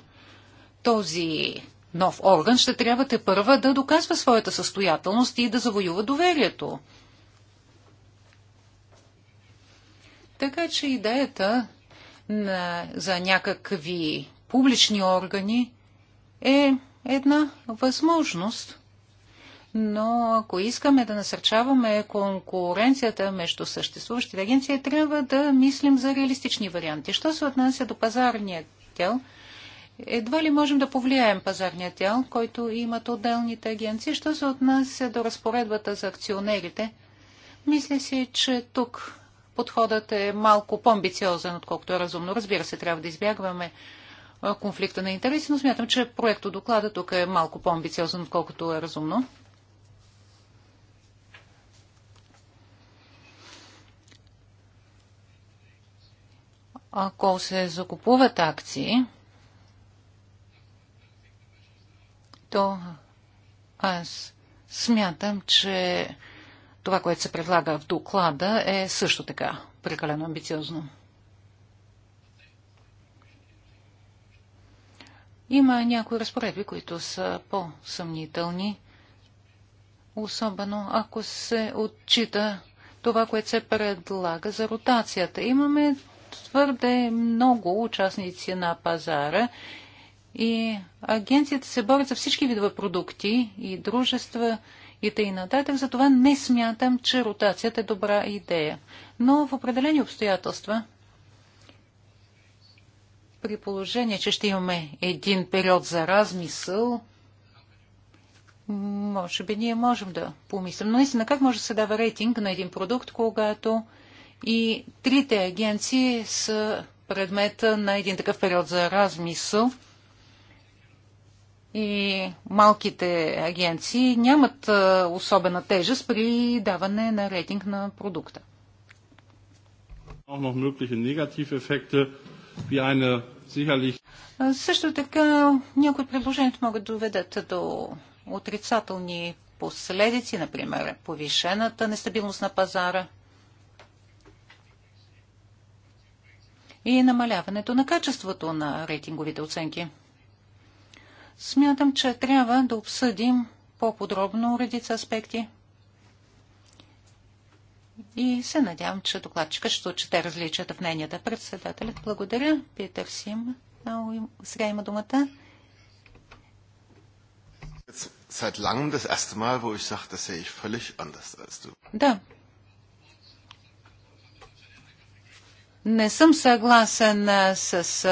този нов орган, ще трябва те първа да доказва своята състоятелност и да завоюва доверието. Така че идеята на, за някакви публични органи е една възможност. Но ако искаме да насърчаваме конкуренцията между съществуващите агенции, трябва да мислим за реалистични варианти. Що се отнася до пазарния тел, едва ли можем да повлияем пазарния тял, който имат отделните агенции. Що се отнася до разпоредбата за акционерите, мисля си, че тук подходът е малко по-амбициозен, отколкото е разумно. Разбира се, трябва да избягваме конфликта на интереси, но смятам, че проекто доклада тук е малко по-амбициозен, отколкото е разумно. Ако се закупуват акции, то аз смятам, че това, което се предлага в доклада, е също така прекалено амбициозно. Има някои разпоредби, които са по-съмнителни, особено ако се отчита това, което се предлага за ротацията. Имаме твърде много участници на пазара и агенцията се борят за всички видове продукти и дружества и тъй нататък. Затова не смятам, че ротацията е добра идея. Но в определени обстоятелства, при положение, че ще имаме един период за размисъл, може би ние можем да помислим. Но наистина, как може да се дава рейтинг на един продукт, когато и трите агенции са предмета на един такъв период за размисъл – и малките агенции нямат особена тежест при даване на рейтинг на продукта. Също така някои от могат да доведат до отрицателни последици, например повишената нестабилност на пазара и намаляването на качеството на рейтинговите оценки. Смятам, че трябва да обсъдим по-подробно редица аспекти. И се надявам, че докладчика ще отчете различията в мненията. Председателят, благодаря. Питър Сим, много сега има думата. Да. Не съм съгласен с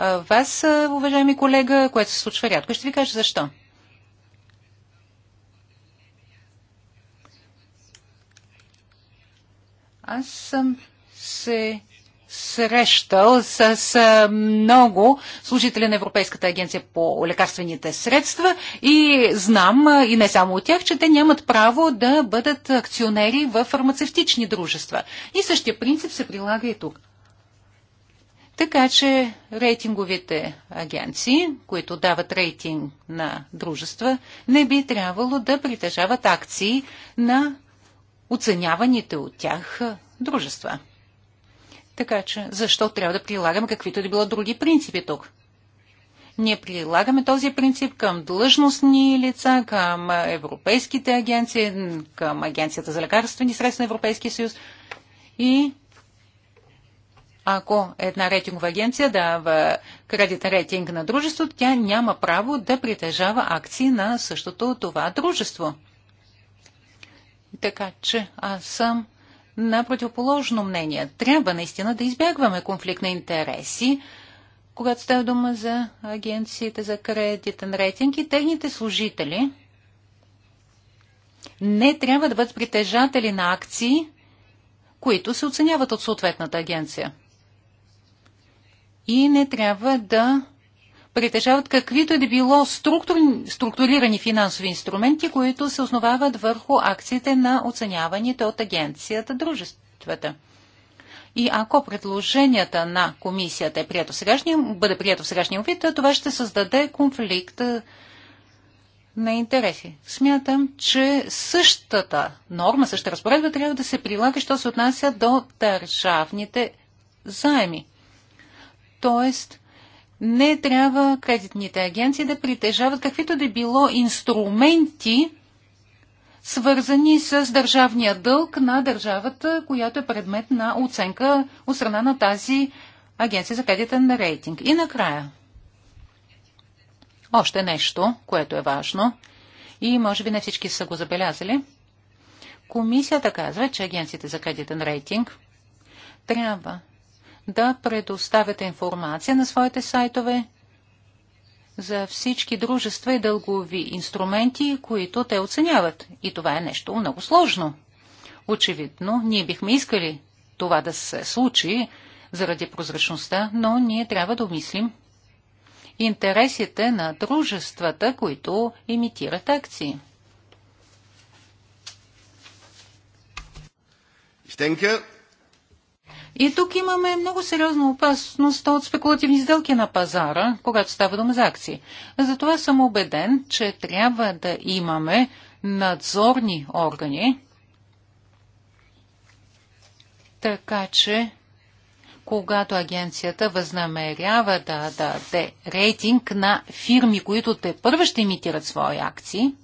вас, уважаеми колега, което се случва рядко. Ще ви кажа защо. Аз съм се срещал с, много служители на Европейската агенция по лекарствените средства и знам, и не само от тях, че те нямат право да бъдат акционери в фармацевтични дружества. И същия принцип се прилага и тук. Така че рейтинговите агенции, които дават рейтинг на дружества, не би трябвало да притежават акции на оценяваните от тях дружества. Така че, защо трябва да прилагаме каквито да било други принципи тук? Ние прилагаме този принцип към длъжностни лица, към европейските агенции, към Агенцията за лекарствени средства на Европейския съюз и ако една рейтингова агенция дава кредитен рейтинг на дружеството, тя няма право да притежава акции на същото това дружество. Така че аз съм на противоположно мнение. Трябва наистина да избягваме конфликт на интереси, когато става дума за агенциите за кредитен рейтинг и техните служители не трябва да бъдат притежатели на акции, които се оценяват от съответната агенция и не трябва да притежават каквито да било структурирани финансови инструменти, които се основават върху акциите на оценяваните от агенцията дружествата. И ако предложенията на комисията е прието сегашния, бъде прието в сегашния вид, това ще създаде конфликт на интереси. Смятам, че същата норма, същата разпоредба трябва да се прилага, що се отнася до държавните заеми. Тоест, не трябва кредитните агенции да притежават каквито да било инструменти, свързани с държавния дълг на държавата, която е предмет на оценка от страна на тази агенция за кредитен рейтинг. И накрая, още нещо, което е важно и може би не всички са го забелязали. Комисията казва, че агенциите за кредитен рейтинг трябва да предоставят информация на своите сайтове за всички дружества и дългови инструменти, които те оценяват. И това е нещо много сложно. Очевидно, ние бихме искали това да се случи заради прозрачността, но ние трябва да обмислим интересите на дружествата, които имитират акции. Ich denke, и тук имаме много сериозна опасност от спекулативни сделки на пазара, когато става дума за акции. Затова съм убеден, че трябва да имаме надзорни органи, така че когато агенцията възнамерява да даде рейтинг на фирми, които те първо ще имитират свои акции,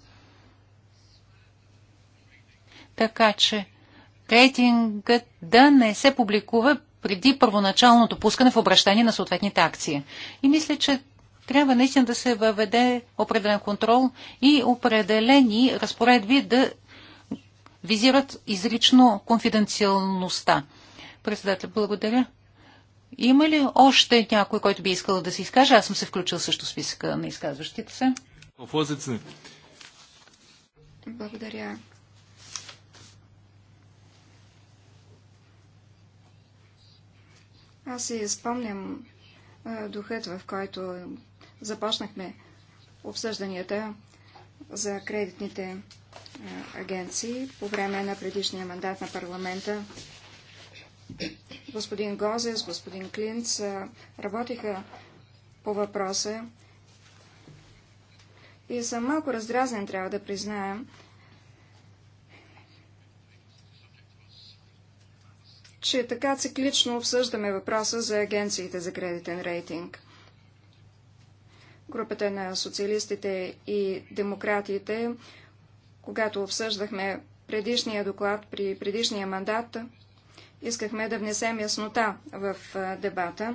така че рейтингът да не се публикува преди първоначалното пускане в обращение на съответните акции. И мисля, че трябва наистина да се въведе определен контрол и определени разпоредби да визират изрично конфиденциалността. Председател, благодаря. Има ли още някой, който би искал да се изкаже? Аз съм се включил също в списъка на изказващите се. Благодаря, Аз си спомням духът, в който започнахме обсъжданията за кредитните агенции по време на предишния мандат на парламента. Господин Гозес, господин Клинц работиха по въпроса и съм малко раздразнен, трябва да призная, че така циклично обсъждаме въпроса за агенциите за кредитен рейтинг. Групата на социалистите и демократите, когато обсъждахме предишния доклад при предишния мандат, искахме да внесем яснота в дебата,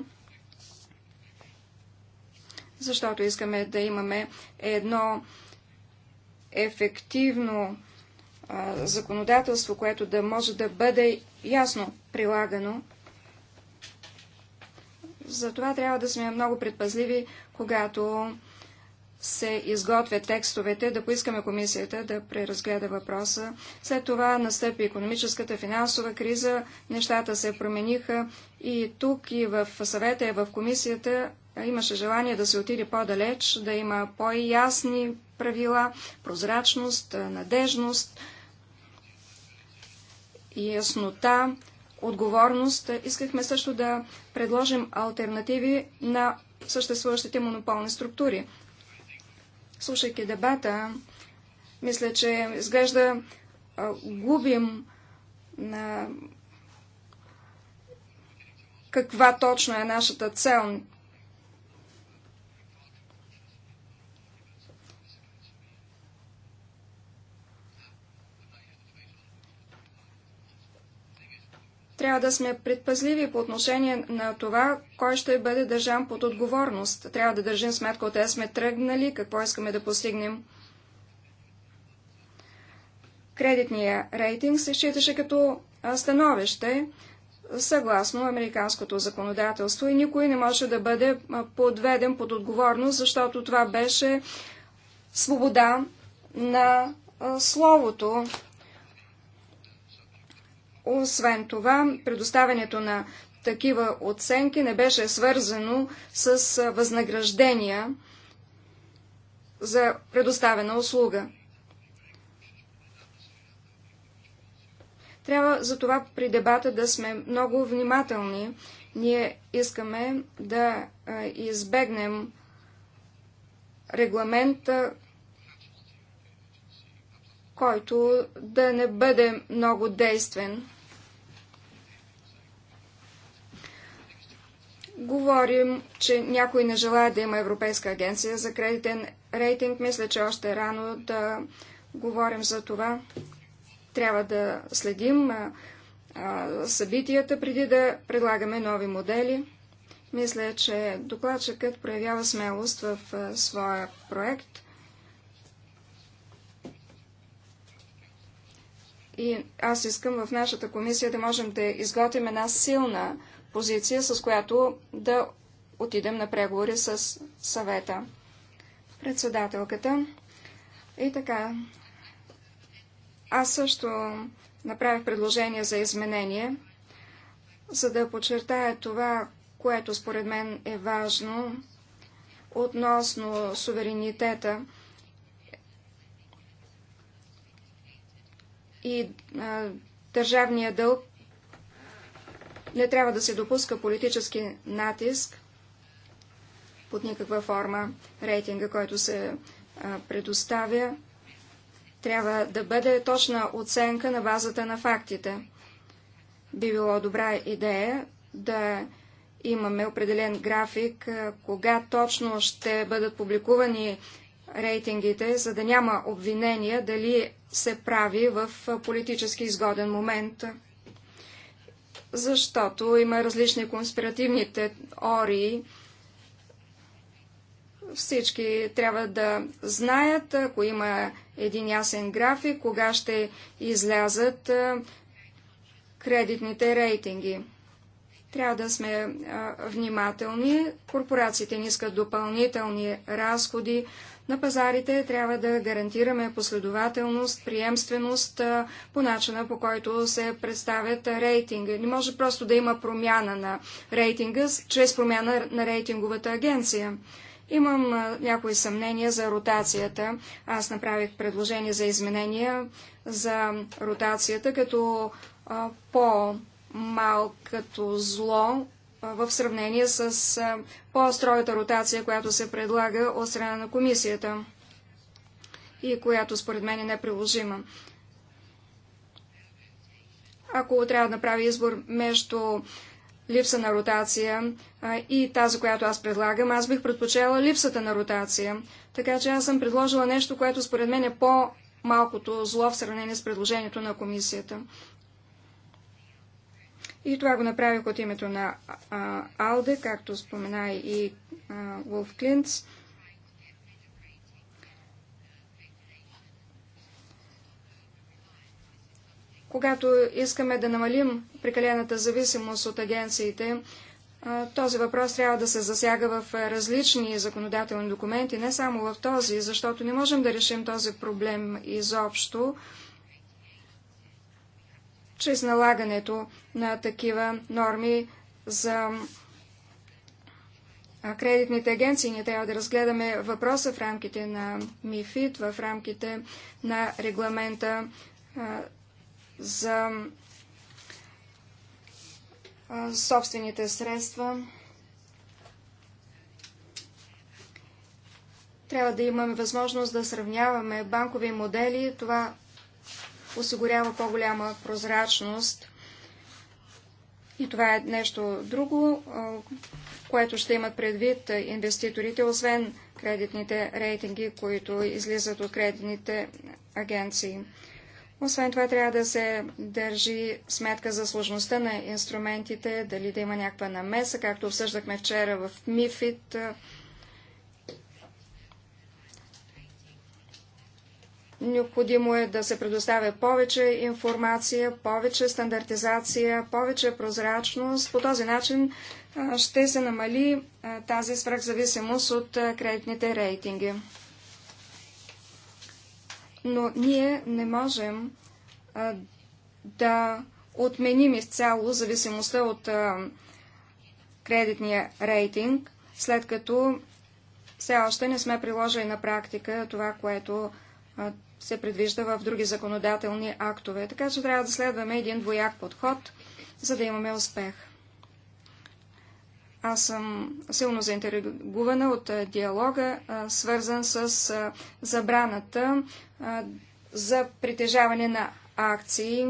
защото искаме да имаме едно ефективно законодателство, което да може да бъде ясно прилагано. Затова трябва да сме много предпазливи, когато се изготвят текстовете, да поискаме комисията да преразгледа въпроса. След това настъпи економическата финансова криза, нещата се промениха и тук, и в съвета, и в комисията имаше желание да се отиде по-далеч, да има по-ясни правила, прозрачност, надежност, яснота отговорност. Искахме също да предложим альтернативи на съществуващите монополни структури. Слушайки дебата, мисля, че изглежда губим на каква точно е нашата цел. Трябва да сме предпазливи по отношение на това, кой ще бъде държан под отговорност. Трябва да държим сметка от сме тръгнали, какво искаме да постигнем. Кредитния рейтинг се считаше като становище съгласно американското законодателство и никой не може да бъде подведен под отговорност, защото това беше свобода на словото, освен това, предоставянето на такива оценки не беше свързано с възнаграждения за предоставена услуга. Трябва за това при дебата да сме много внимателни. Ние искаме да избегнем регламента, който да не бъде много действен. Говорим, че някой не желая да има Европейска агенция за кредитен рейтинг. Мисля, че още е рано да говорим за това. Трябва да следим събитията преди да предлагаме нови модели. Мисля, че докладчикът проявява смелост в своя проект – И аз искам в нашата комисия да можем да изготвим една силна позиция, с която да отидем на преговори с съвета. Председателката. И така. Аз също направих предложение за изменение, за да подчертая това, което според мен е важно относно суверенитета и а, държавния дълг не трябва да се допуска политически натиск под никаква форма. Рейтинга, който се а, предоставя, трябва да бъде точна оценка на базата на фактите. Би било добра идея да имаме определен график, а, кога точно ще бъдат публикувани рейтингите, за да няма обвинения дали се прави в политически изгоден момент, защото има различни конспиративни теории. Всички трябва да знаят, ако има един ясен график, кога ще излязат кредитните рейтинги. Трябва да сме внимателни. Корпорациите не искат допълнителни разходи, на пазарите, трябва да гарантираме последователност, приемственост по начина по който се представят рейтинга. Не може просто да има промяна на рейтинга чрез промяна на рейтинговата агенция. Имам някои съмнения за ротацията. Аз направих предложение за изменения за ротацията като по-малкото зло в сравнение с по-строгата ротация, която се предлага от страна на комисията и която според мен е неприложима. Ако трябва да направя избор между липса на ротация и тази, която аз предлагам, аз бих предпочела липсата на ротация. Така че аз съм предложила нещо, което според мен е по-малкото зло в сравнение с предложението на комисията. И това го направих от името на Алде, както спомена и Вулф Клинц. Когато искаме да намалим прекалената зависимост от агенциите, този въпрос трябва да се засяга в различни законодателни документи, не само в този, защото не можем да решим този проблем изобщо чрез налагането на такива норми за кредитните агенции. Ние трябва да разгледаме въпроса в рамките на МИФИД, в рамките на регламента за собствените средства. Трябва да имаме възможност да сравняваме банкови модели. Това осигурява по-голяма прозрачност. И това е нещо друго, което ще имат предвид инвеститорите, освен кредитните рейтинги, които излизат от кредитните агенции. Освен това, трябва да се държи сметка за сложността на инструментите, дали да има някаква намеса, както обсъждахме вчера в МИФИТ, Необходимо е да се предоставя повече информация, повече стандартизация, повече прозрачност. По този начин ще се намали тази свръхзависимост от кредитните рейтинги. Но ние не можем да отменим изцяло зависимостта от кредитния рейтинг, след като все още не сме приложили на практика това, което се предвижда в други законодателни актове. Така че трябва да следваме един двояк подход, за да имаме успех. Аз съм силно заинтересувана от диалога, свързан с забраната за притежаване на акции.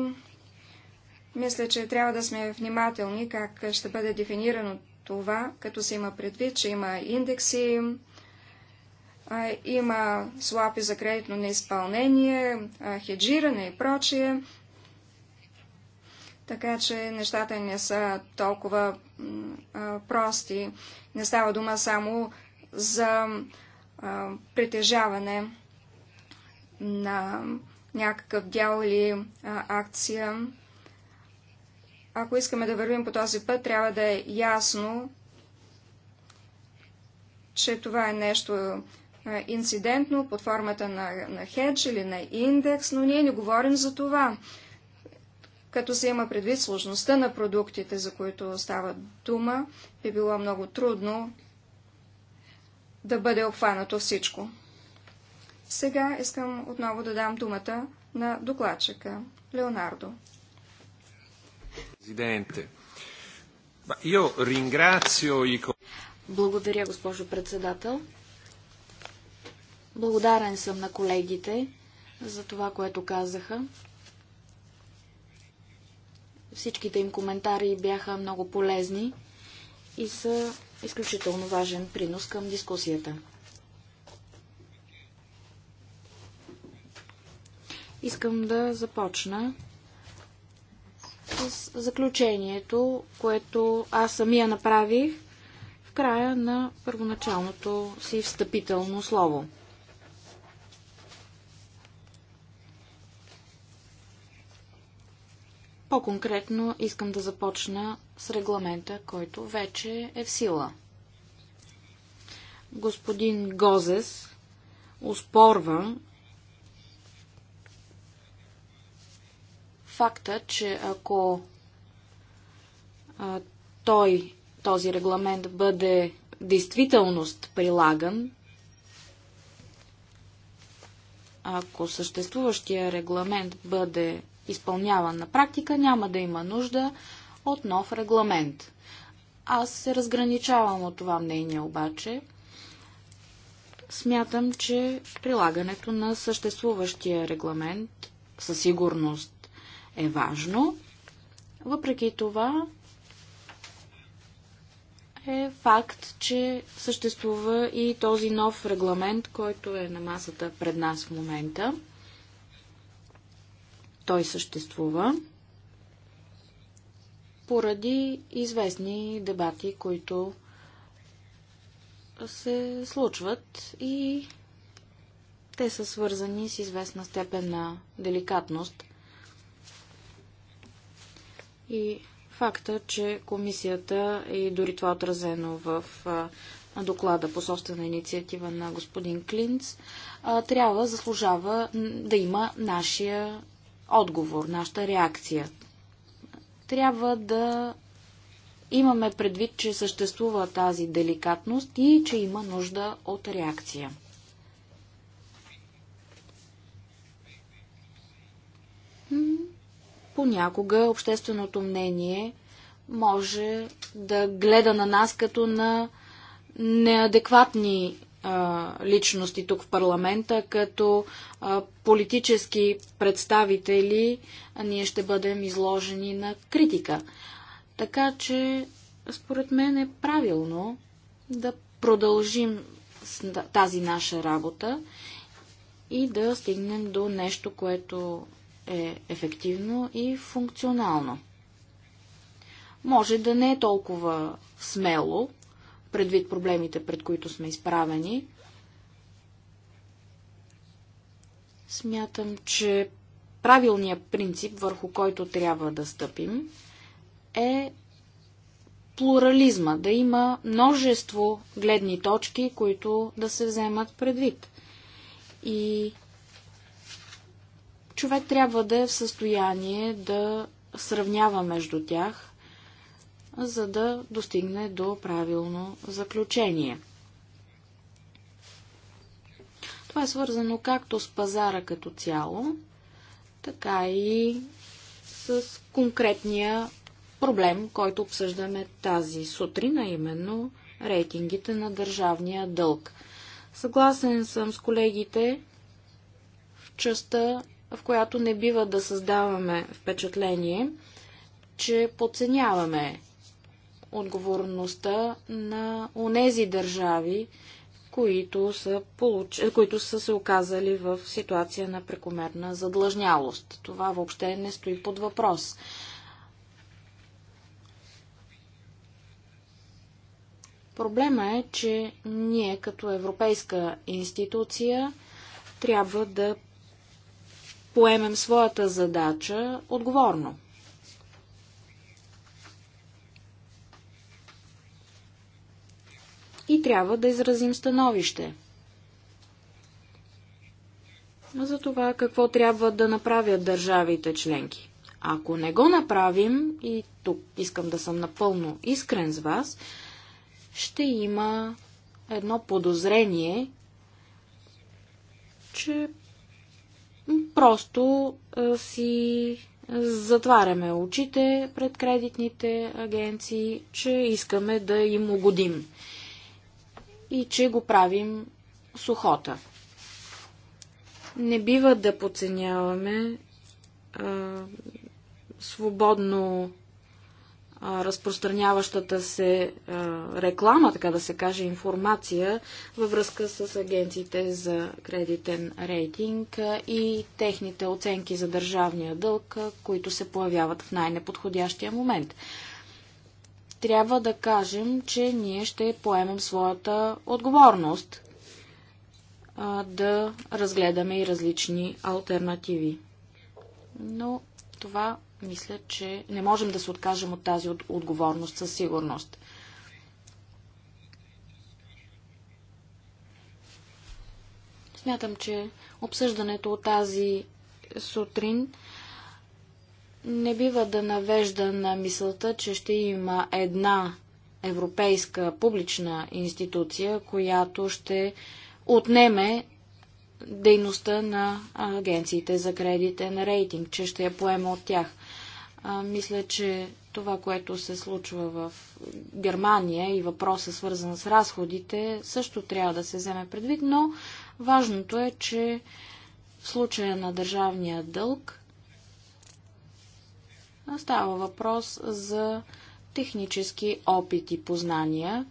Мисля, че трябва да сме внимателни как ще бъде дефинирано това, като се има предвид, че има индекси, има слапи за кредитно неизпълнение, хеджиране и прочие. Така че нещата не са толкова прости. Не става дума само за притежаване на някакъв дял или акция. Ако искаме да вървим по този път, трябва да е ясно, че това е нещо е, инцидентно, под формата на, на хедж или на индекс, но ние не говорим за това. Като се има предвид сложността на продуктите, за които става дума, би било много трудно да бъде обхванато всичко. Сега искам отново да дам думата на докладчика Леонардо. Благодаря, госпожо председател. Благодарен съм на колегите за това, което казаха. Всичките им коментари бяха много полезни и са изключително важен принос към дискусията. Искам да започна с заключението, което аз самия направих в края на първоначалното си встъпително слово. По-конкретно искам да започна с регламента, който вече е в сила. Господин Гозес успорва факта, че ако а, той, този регламент, бъде действителност прилаган, ако съществуващия регламент бъде изпълняван на практика, няма да има нужда от нов регламент. Аз се разграничавам от това мнение обаче. Смятам, че прилагането на съществуващия регламент със сигурност е важно. Въпреки това е факт, че съществува и този нов регламент, който е на масата пред нас в момента. Той съществува поради известни дебати, които се случват и те са свързани с известна степен на деликатност и факта, че комисията и е дори това отразено в доклада по собствена инициатива на господин Клинц, трябва, заслужава да има нашия отговор, нашата реакция. Трябва да имаме предвид, че съществува тази деликатност и че има нужда от реакция. Понякога общественото мнение може да гледа на нас като на неадекватни личности тук в парламента, като политически представители ние ще бъдем изложени на критика. Така че, според мен е правилно да продължим тази наша работа и да стигнем до нещо, което е ефективно и функционално. Може да не е толкова смело, предвид проблемите, пред които сме изправени. Смятам, че правилният принцип, върху който трябва да стъпим, е плурализма, да има множество гледни точки, които да се вземат предвид. И човек трябва да е в състояние да сравнява между тях за да достигне до правилно заключение. Това е свързано както с пазара като цяло, така и с конкретния проблем, който обсъждаме тази сутрин, а именно рейтингите на държавния дълг. Съгласен съм с колегите в частта, в която не бива да създаваме впечатление, че подценяваме отговорността на онези държави, които са, получ... които са се оказали в ситуация на прекомерна задлъжнялост. Това въобще не стои под въпрос. Проблема е, че ние като европейска институция трябва да поемем своята задача отговорно. и трябва да изразим становище. За това какво трябва да направят държавите членки. Ако не го направим, и тук искам да съм напълно искрен с вас, ще има едно подозрение, че просто е, си затваряме очите пред кредитните агенции, че искаме да им угодим и че го правим сухота. Не бива да подценяваме а, свободно а, разпространяващата се а, реклама, така да се каже, информация във връзка с агенциите за кредитен рейтинг а, и техните оценки за държавния дълг, а, които се появяват в най-неподходящия момент. А, трябва да кажем, че ние ще поемем своята отговорност а, да разгледаме и различни альтернативи. Но това мисля, че не можем да се откажем от тази отговорност със сигурност. Смятам, че обсъждането от тази сутрин не бива да навежда на мисълта, че ще има една европейска публична институция, която ще отнеме дейността на агенциите за кредите на рейтинг, че ще я поема от тях. А, мисля, че това, което се случва в Германия и въпроса свързан с разходите, също трябва да се вземе предвид, но важното е, че в случая на държавния дълг Става въпрос за технически опит и познания,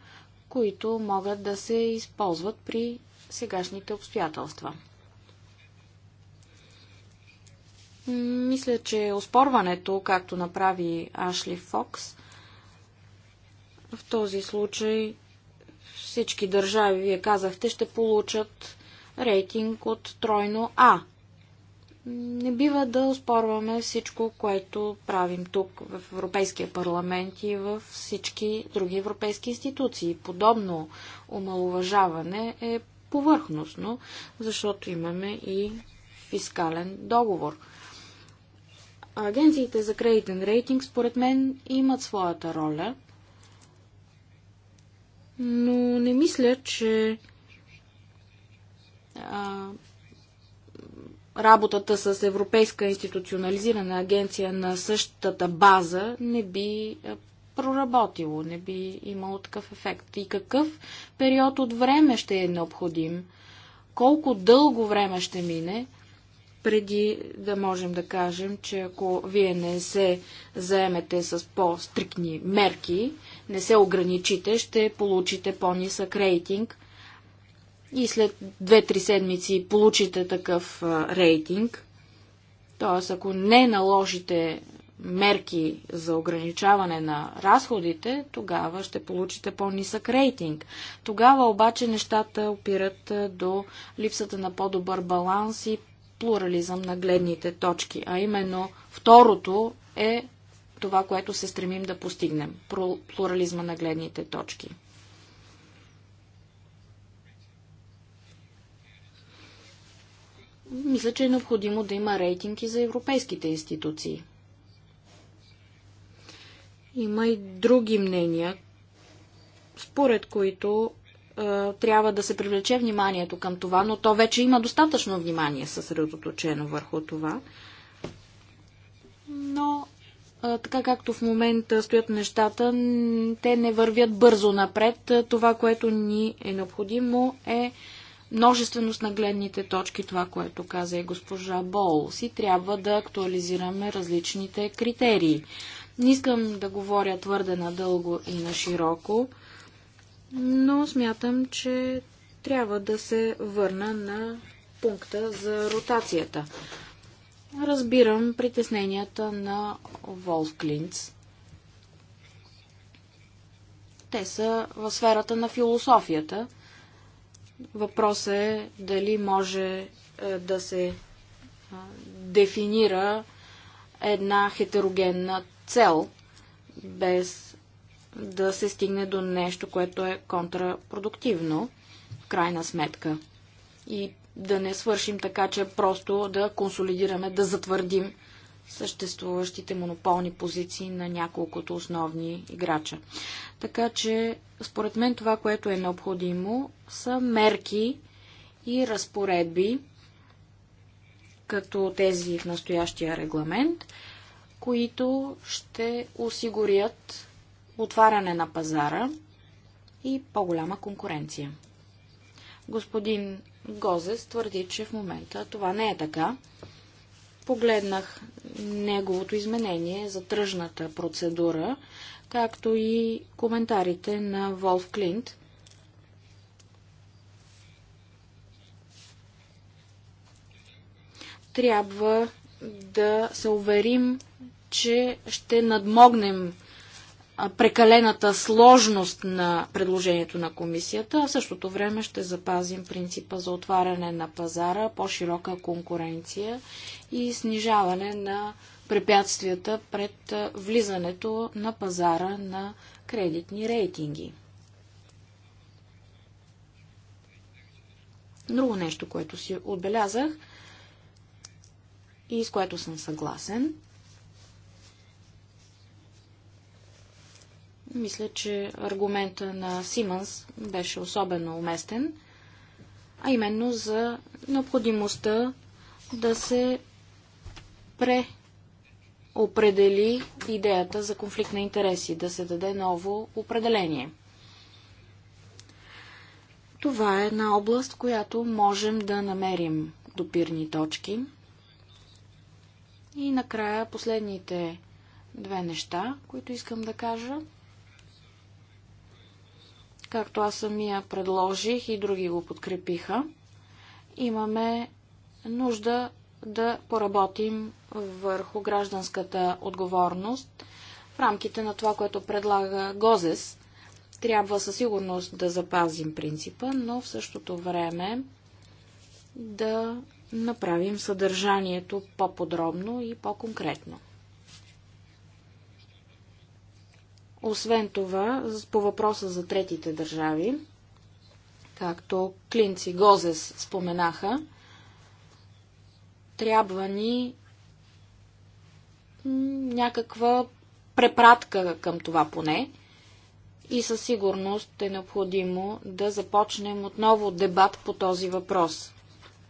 които могат да се използват при сегашните обстоятелства. Мисля, че оспорването, както направи Ашли Фокс, в този случай всички държави, вие казахте, ще получат рейтинг от тройно А не бива да оспорваме всичко, което правим тук в Европейския парламент и в всички други европейски институции. Подобно омалуважаване е повърхностно, защото имаме и фискален договор. Агенциите за кредитен рейтинг, според мен, имат своята роля, но не мисля, че работата с Европейска институционализирана агенция на същата база не би е, проработило, не би имало такъв ефект. И какъв период от време ще е необходим, колко дълго време ще мине, преди да можем да кажем, че ако вие не се заемете с по-стрикни мерки, не се ограничите, ще получите по-нисък рейтинг – и след 2-3 седмици получите такъв рейтинг, т.е. ако не наложите мерки за ограничаване на разходите, тогава ще получите по-нисък рейтинг. Тогава обаче нещата опират до липсата на по-добър баланс и плурализъм на гледните точки, а именно второто е това, което се стремим да постигнем плурализма на гледните точки. мисля, че е необходимо да има рейтинги за европейските институции. Има и други мнения, според които е, трябва да се привлече вниманието към това, но то вече има достатъчно внимание съсредоточено върху това. Но е, така както в момента стоят нещата, те не вървят бързо напред. Е, това, което ни е необходимо е множественост на гледните точки, това, което каза и госпожа Болс, и трябва да актуализираме различните критерии. Не искам да говоря твърде надълго и на широко, но смятам, че трябва да се върна на пункта за ротацията. Разбирам притесненията на Волф Клинц. Те са в сферата на философията – Въпросът е дали може е, да се е, дефинира една хетерогенна цел, без да се стигне до нещо, което е контрапродуктивно, в крайна сметка. И да не свършим така, че просто да консолидираме, да затвърдим съществуващите монополни позиции на няколкото основни играча. Така че, според мен, това, което е необходимо, са мерки и разпоредби, като тези в настоящия регламент, които ще осигурят отваряне на пазара и по-голяма конкуренция. Господин Гозес твърди, че в момента това не е така Погледнах неговото изменение за тръжната процедура, както и коментарите на Волф Клинт. Трябва да се уверим, че ще надмогнем прекалената сложност на предложението на комисията, а в същото време ще запазим принципа за отваряне на пазара, по-широка конкуренция и снижаване на препятствията пред влизането на пазара на кредитни рейтинги. Друго нещо, което си отбелязах и с което съм съгласен, мисля, че аргумента на Симънс беше особено уместен, а именно за необходимостта да се преопредели идеята за конфликт на интереси, да се даде ново определение. Това е една област, в която можем да намерим допирни точки. И накрая последните две неща, които искам да кажа. Както аз самия предложих и други го подкрепиха, имаме нужда да поработим върху гражданската отговорност в рамките на това, което предлага Гозес. Трябва със сигурност да запазим принципа, но в същото време да направим съдържанието по-подробно и по-конкретно. Освен това, по въпроса за третите държави, както Клинци Гозес споменаха, трябва ни някаква препратка към това поне. И със сигурност е необходимо да започнем отново дебат по този въпрос.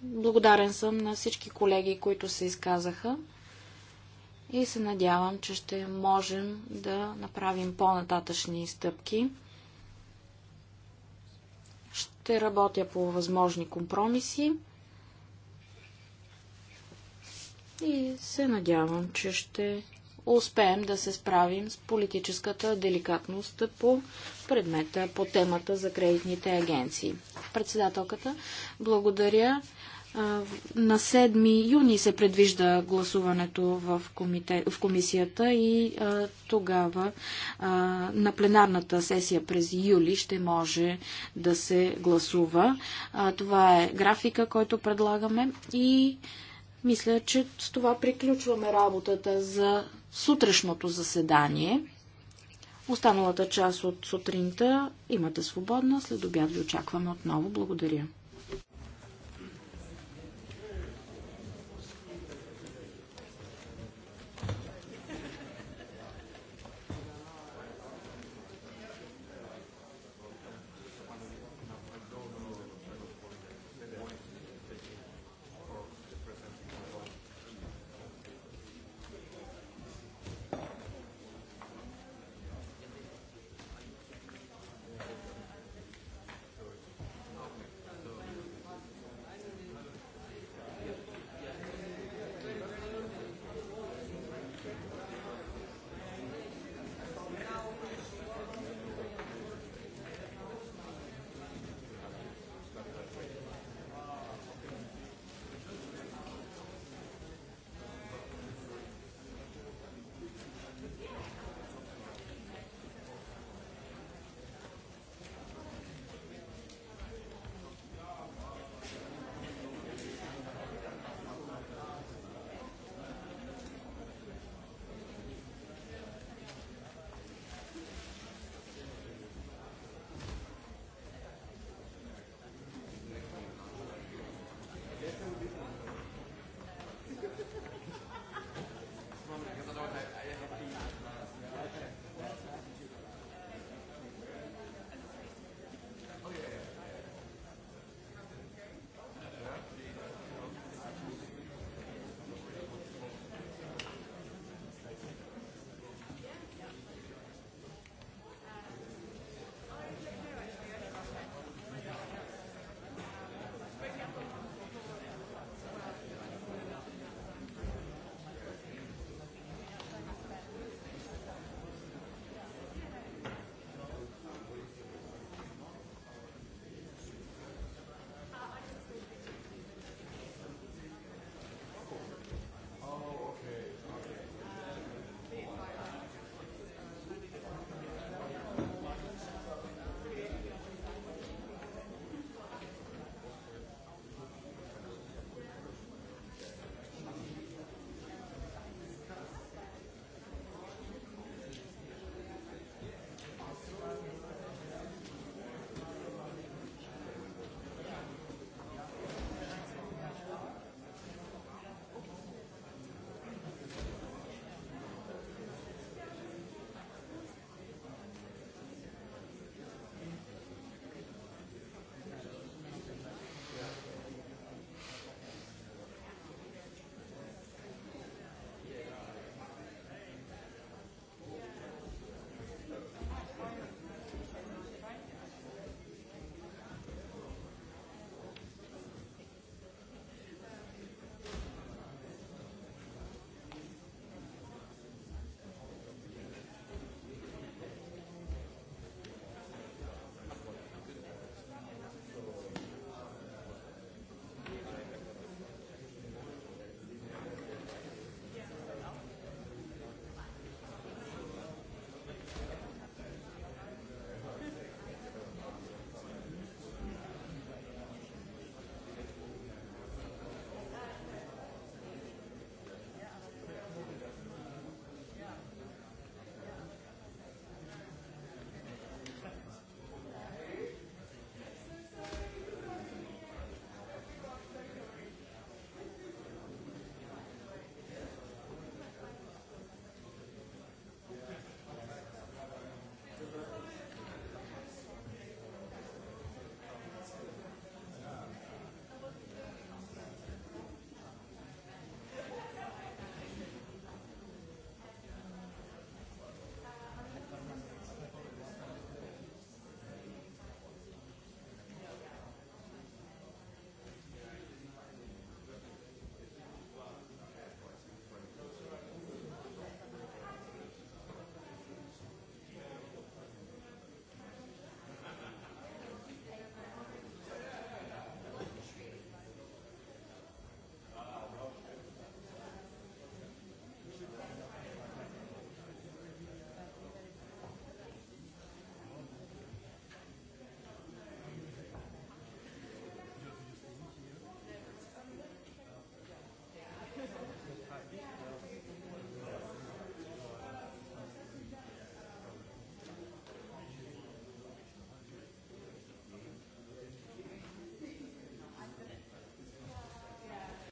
Благодарен съм на всички колеги, които се изказаха и се надявам, че ще можем да направим по-нататъчни стъпки. Ще работя по възможни компромиси. и се надявам, че ще успеем да се справим с политическата деликатност по предмета, по темата за кредитните агенции. Председателката, благодаря. На 7 юни се предвижда гласуването в, комите... в комисията и а, тогава а, на пленарната сесия през юли ще може да се гласува. А, това е графика, който предлагаме и мисля, че с това приключваме работата за сутрешното заседание. Останалата част от сутринта имате свободна, след обяд ви очакваме отново. Благодаря.